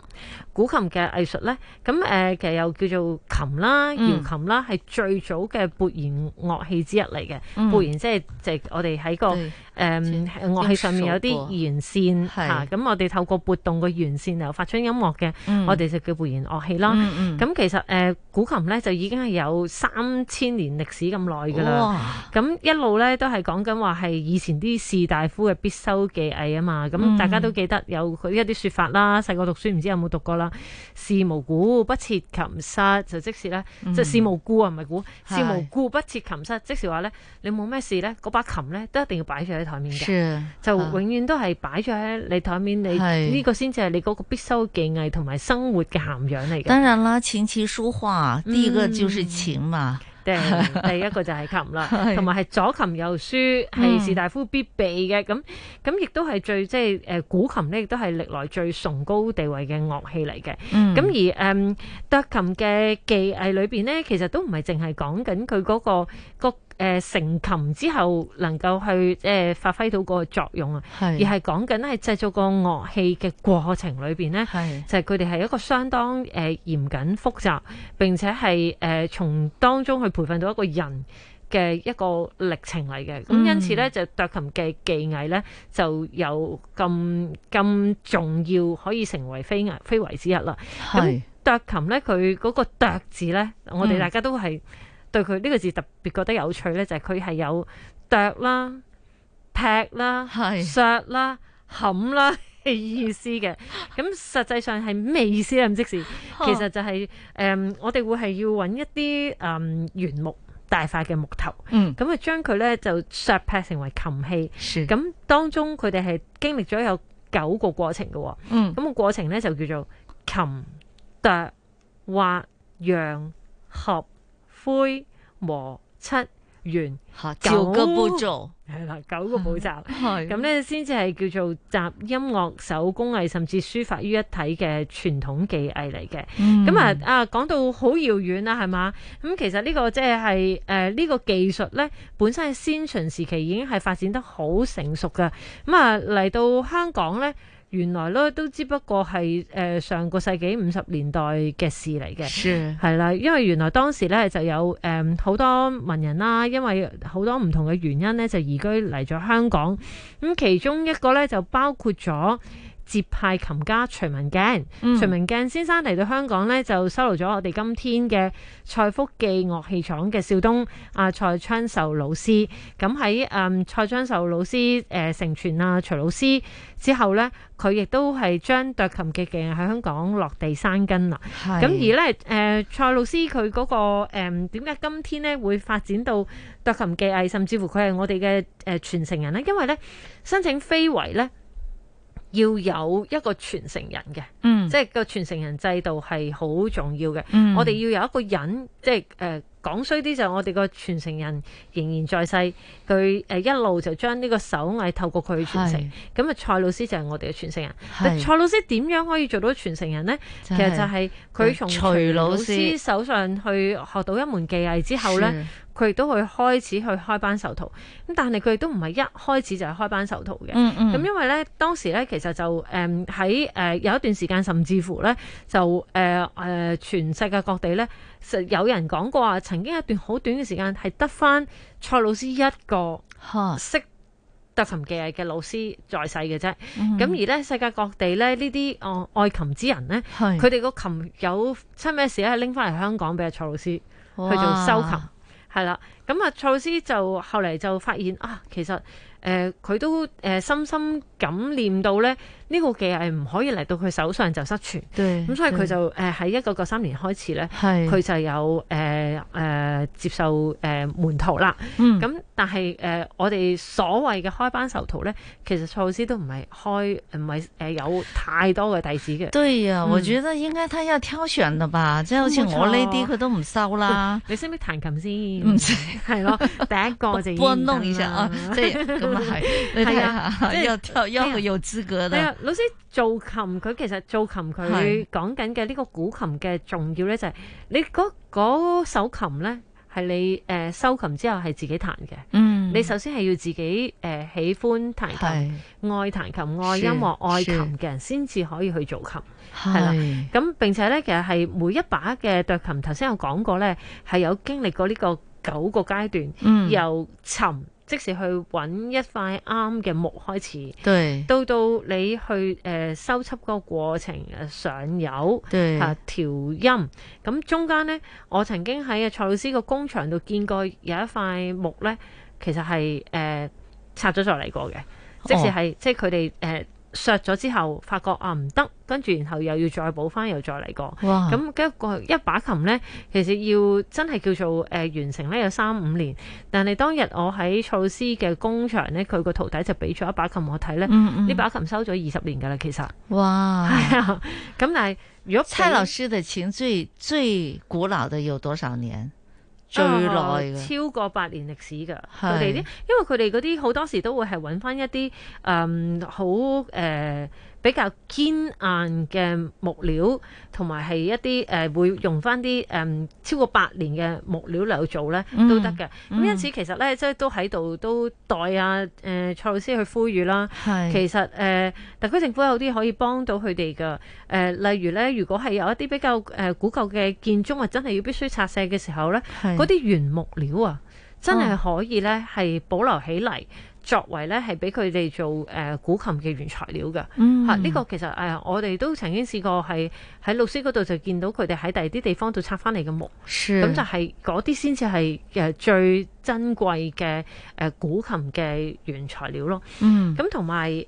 古琴嘅藝術咧，咁誒、呃、其實又叫做琴。啦，瑤琴啦，係最早嘅撥弦樂器之一嚟嘅，撥弦、嗯、即係即係我哋喺個。誒，樂、嗯、器上面有啲弦線吓，咁是、啊、我哋透過撥動個弦線又發出音樂嘅，嗯、我哋就叫撥弦樂器啦。咁、嗯嗯、其實誒、呃，古琴咧就已經係有三千年歷史咁耐噶啦。咁哇一路咧都係講緊話係以前啲士大夫嘅必修技藝啊嘛。咁、嗯、大家都記得有佢一啲說法啦。細個讀書唔知道有冇讀過啦。士無故不撤琴瑟，就即時呢、嗯、即是咧，即係士無故啊，唔係故，士無故不撤琴瑟，即是話咧，你冇咩事咧，嗰把琴咧都一定要擺嘅。台面嘅，是就永遠都係擺咗喺你台面，啊、你呢個先至係你嗰個必修技藝同埋生活嘅涵養嚟嘅。當然啦，琴棋書畫，嗯、第一個就是琴嘛，第一 第一個就係琴啦，同埋係左琴右書，係、嗯、士大夫必備嘅。咁咁亦都係最即係誒古琴咧，亦都係歷來最崇高地位嘅樂器嚟嘅。咁、嗯、而誒，斲、嗯、琴嘅技藝裏邊咧，其實都唔係淨係講緊佢嗰個個。誒、呃、成琴之後能夠去誒、呃、發揮到個作用啊，是而係講緊係製造個樂器嘅過程裏邊呢，就係佢哋係一個相當誒、呃、嚴謹複雜並且係誒、呃、從當中去培訓到一個人嘅一個歷程嚟嘅。咁、嗯、因此呢，就斲琴嘅技藝呢，就有咁咁重要，可以成為非遺非遺之一啦。咁是斲琴，琴呢，佢嗰、那個斲字呢，我哋大家都係、嗯。對佢呢個字特別覺得有趣咧，就係佢係有剁啦、劈啦、削啦、冚啦意思嘅。咁實際上係咩意思咧？咁即是其實就係、是、誒、嗯，我哋會係要揾一啲誒、嗯、原木大塊嘅木頭，咁啊將佢咧就削劈成為琴器。咁是當中佢哋係經歷咗有九個過程嘅。嗯，咁個過程咧就叫做琴剁、挖、揚、合。灰和七元九個步驟係啦，九個步驟咁咧，先至係叫做集音樂、手工藝甚至書法於一體嘅傳統技藝嚟嘅。咁啊、嗯、啊，講、啊、到好遙遠啦，係嘛？咁、嗯、其實呢個即係誒呢個技術咧，本身係先秦時期已經係發展得好成熟噶。咁、嗯、啊嚟到香港咧。原來咧都只不過係、呃、上個世紀五十年代嘅事嚟嘅，係啦是，因為原來當時咧就有誒、呃、好多文人啦，因為好多唔同嘅原因咧就移居嚟咗香港，咁其中一個咧就包括咗。接派琴家徐文鏡、嗯、徐文鏡先生嚟到香港咧，就收留咗我哋今天嘅蔡福記樂器廠嘅少東阿、呃、蔡昌壽老師。咁喺、呃、蔡昌壽老師、呃、成全傳阿徐老師之後咧，佢亦都係將《斲琴技嘅喺香港落地生根啦。咁是而咧、呃、蔡老師佢嗰、那個誒點解今天咧會發展到斲琴技藝，甚至乎佢係我哋嘅誒傳承人咧？因為咧申請非遺咧。要有一個傳承人嘅，嗯、即係個傳承人制度係好重要嘅。嗯、我哋要有一個人，即係誒講衰啲就我哋個傳承人仍然在世，佢一路就將呢個手藝透過佢去傳承。咁啊是，蔡老師就係我哋嘅傳承人。是蔡老師點樣可以做到傳承人呢？就是、其實就係佢從徐老師手上去學到一門技藝之後呢。佢亦都會開始去開班授徒，咁但係佢亦都唔係一開始就係開班授徒嘅。咁、嗯嗯、因為咧，當時咧其實就誒喺誒有一段時間，甚至乎咧就誒誒、呃呃、全世界各地咧，實有人講過話，曾經一段好短嘅時間係得翻蔡老師一個識斲琴技藝嘅老師在世嘅啫。咁、嗯嗯、而咧，世界各地咧呢啲哦、呃、愛琴之人咧，佢哋是個琴有出咩事咧，係拎翻嚟香港俾阿蔡老師哇去做修琴。係啦，咁啊，蔡司就後嚟就發現啊，其實誒佢、呃、都誒、呃、深深感念到咧。呢個技藝唔可以嚟到佢手上就失傳，咁所以佢就誒喺一九九三年開始咧，佢就有誒誒接受誒門徒啦。咁但係誒我哋所謂嘅開班授徒咧，其實蔡老師都唔係開唔係誒有太多嘅弟子嘅。對呀，我覺得應該他要挑選的吧，即係好似我呢啲佢都唔收啦。你識唔識彈琴先？唔識，係咯，第一個就撥弄一下啊，咁啊係，睇下，要挑要有資格的。老師做琴他，佢其實做琴佢講緊嘅呢個古琴嘅重要咧，就係你嗰首琴咧，係你、呃、收琴之後係自己彈嘅。嗯，你首先係要自己、呃、喜歡彈琴、是愛彈琴、愛音樂、愛琴嘅人先至可以去做琴，係是啦。咁並且咧，其實係每一把嘅笛琴，頭先有講過咧，係有經歷過呢個九個階段，嗯、由沉。即時去揾一塊啱嘅木開始，到對到你去修葺、呃、個過程上油，誒對、啊、調音。咁中間呢，我曾經喺蔡老師個工場度見過有一塊木呢，其實係拆咗再嚟過嘅、哦，即使係即係佢哋誒削咗之後，發覺啊唔得，跟住然後又要再補翻，又再嚟過。咁一個一把琴呢，其實要真係叫做誒、呃、完成呢，有三五年。但係當日我喺蔡師嘅工場呢，佢個徒弟就俾咗一把琴我睇咧，呢、嗯嗯、把琴收咗二十年㗎啦，其實。哇！咁 但係如果蔡老師的琴最最古老的有多少年？最耐、哦，超過八年歷史㗎。佢哋啲，因為佢哋嗰啲好多時都會係揾翻一啲誒好誒。嗯比較堅硬嘅木料，同埋係一啲誒、呃、會用翻啲誒超過百年嘅木料嚟做咧，都得嘅。咁、嗯、因此其實咧，即係、嗯、都喺度都代啊誒、呃、蔡老師去呼籲啦。是其實誒、呃、特區政府有啲可以幫到佢哋嘅誒，例如咧，如果係有一啲比較誒、呃、古舊嘅建築物，真係要必須拆卸嘅時候咧，嗰啲是原木料啊，真係可以咧係、哦、保留起嚟。作為咧係俾佢哋做誒、呃、古琴嘅原材料噶，吓呢、嗯啊，這個其實誒、哎、我哋都曾經試過係喺老師嗰度就見到佢哋喺第二啲地方度拆翻嚟嘅木，咁是就係嗰啲先至係誒最珍貴嘅誒古琴嘅原材料咯。咁同埋誒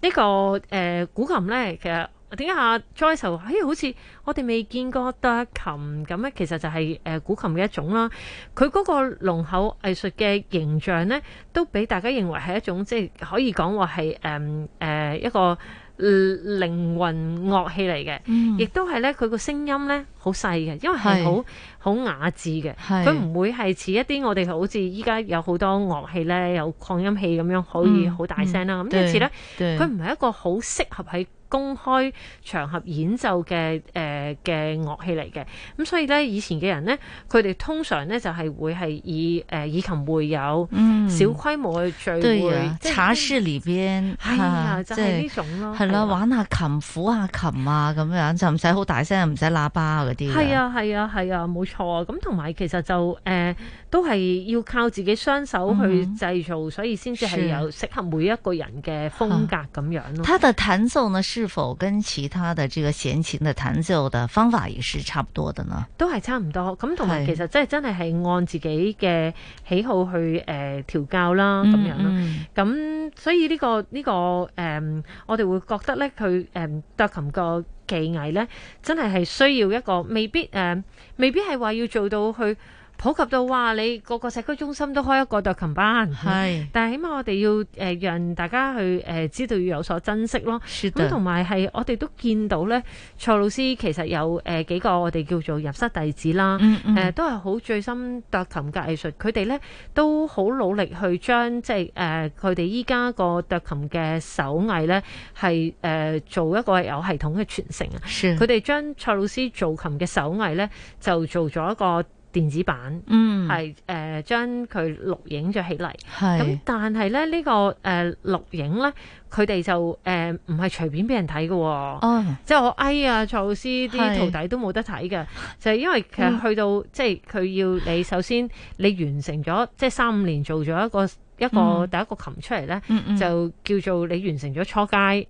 呢個誒、呃、古琴咧，其實。點解下 Joyce 又話、哎：好似我哋未見過達琴咁咧，其實就係誒古琴嘅一種啦。佢嗰個龍口藝術嘅形象咧，都俾大家認為係一種即係可以講話係誒誒一個靈魂樂器嚟嘅，亦都係咧佢個聲音咧好細嘅，因為係好好雅致嘅，佢唔是會係似一啲我哋好似依家有好多樂器咧，有擴音器咁樣可以好大聲啦。咁因此咧，佢唔係一個好適合喺公開場合演奏嘅誒嘅樂器嚟嘅，咁所以咧以前嘅人咧，佢哋通常咧就係會係以、呃、以琴會友，嗯、小規模嘅聚會，啊就是、茶室裏邊，係啊、哎，就係、是、呢種咯，係啦、就是，吧玩下琴、撫下琴啊咁樣，就唔使好大聲，唔使喇叭嗰啲。係啊，係啊，係啊，冇、啊啊、錯。咁同埋其實就誒。呃都係要靠自己雙手去製造，嗯、哼所以先至係有適合每一個人嘅風格咁樣咯。他的彈奏呢，是否跟其他的這個弦琴的彈奏的方法也是差不多的呢？都係差唔多，咁同埋其實真係真係係按自己嘅喜好去誒調是、呃、教啦，咁樣咯。咁、嗯嗯、所以呢、這個呢、這個誒、嗯，我哋會覺得呢，佢誒、嗯、斲琴個技藝呢，真係係需要一個未必誒，未必係話、呃、要做到去。普及到話你個個社區中心都開一個古琴班，係是，但係起碼我哋要誒、呃、讓大家去、呃、知道要有所珍惜咯。咁同埋係我哋都見到咧，蔡老師其實有誒、呃、幾個我哋叫做入室弟子啦，誒、嗯嗯呃、都係好醉心古琴嘅藝術。佢哋咧都好努力去將即係佢哋依家個古琴嘅手藝咧係、呃、做一個有系統嘅傳承啊。佢哋是將蔡老師做琴嘅手藝咧就做咗一個。電子版，嗯，係誒、呃、將佢錄影咗起嚟，係咁是，但係咧呢、呢個誒、呃、錄影咧，佢哋就誒唔係隨便俾人睇嘅，哦，即係、哦、我哎啊蔡老師啲徒弟都冇得睇嘅，就係因為其實去到即係佢要你首先你完成咗即係三五年做咗一個。一個第一個琴出嚟呢，嗯、就叫做你完成咗初階，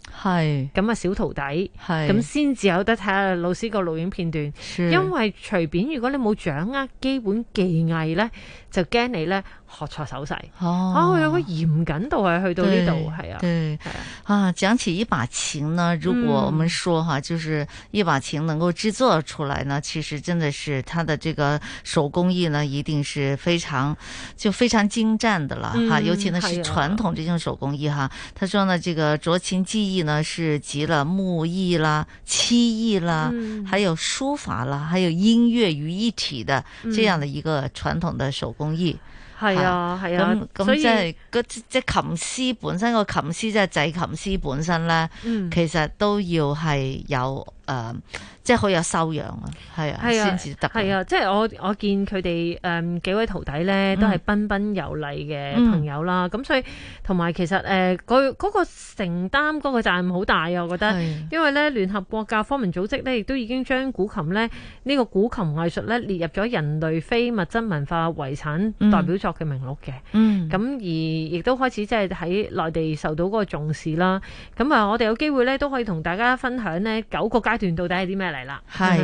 咁啊是小徒弟，咁先至有得睇下老師個錄影片段。是因為隨便如果你冇掌握基本技藝呢。就驚你咧學錯手勢哦！啊，有個嚴謹度係對去到呢度，係對啊，啊，講起一把琴呢，如果我們說哈，嗯、就是一把琴能夠製作出來呢，其實真的是它的這個手工藝呢，一定是非常就非常精湛的了哈！嗯、尤其呢是傳統這種手工藝哈。他的說呢，這個斲琴技藝呢，是集了木藝啦、漆藝啦，嗯、還有書法啦，還有音樂於一體的這樣的，一個傳統的手工。中醫係啊，係啊，咁咁、啊、即係以即琴師本身個琴師即係斲琴師本身咧，嗯、其實都要係有。嗯、即係好有修養啊，係啊，係啊，先至得係啊！即係我我見佢哋誒幾位徒弟咧，都係彬彬有禮嘅朋友啦。咁、嗯嗯、所以同埋其實誒、呃嗰個嗰、嗰個、承擔嗰個責任好大啊！我覺得，啊、因為咧聯合國教科文組織咧，亦都已經將古琴咧呢、呢個古琴藝術咧列入咗人類非物質文化遺產代表作嘅名錄嘅、嗯。嗯。咁而亦都開始即係喺內地受到嗰個重視啦。咁啊，我哋有機會咧都可以同大家分享咧九個階。段到底係啲咩嚟啦？係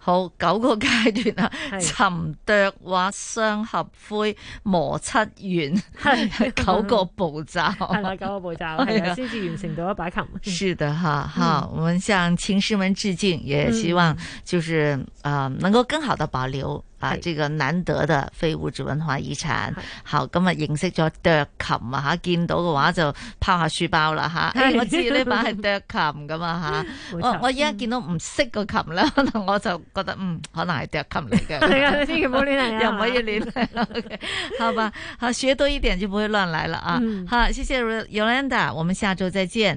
好九個階段啊，是沉剁畫雙合灰磨漆圓，係九個步驟，係啦，九個步驟係啊，先至完成到一把琴。是的哈，哈，我們向琴師們致敬，也希望就是啊、嗯呃，能夠更好的保留。啊！這個難得的非物質文化遺產，是好咁啊，認識咗斲琴啊，吓見到嘅話就拋下書包啦，吓。我知呢把係斲琴噶嘛，吓。我我依家見到唔識個琴咧，可能我就覺得嗯，可能係斲琴嚟嘅。係啊， 你之前唔好亂嚟啊，又唔可以亂嚟。好吧，好學多一點就唔會亂嚟啦啊。 好，謝謝 Yolanda，我們下周再見。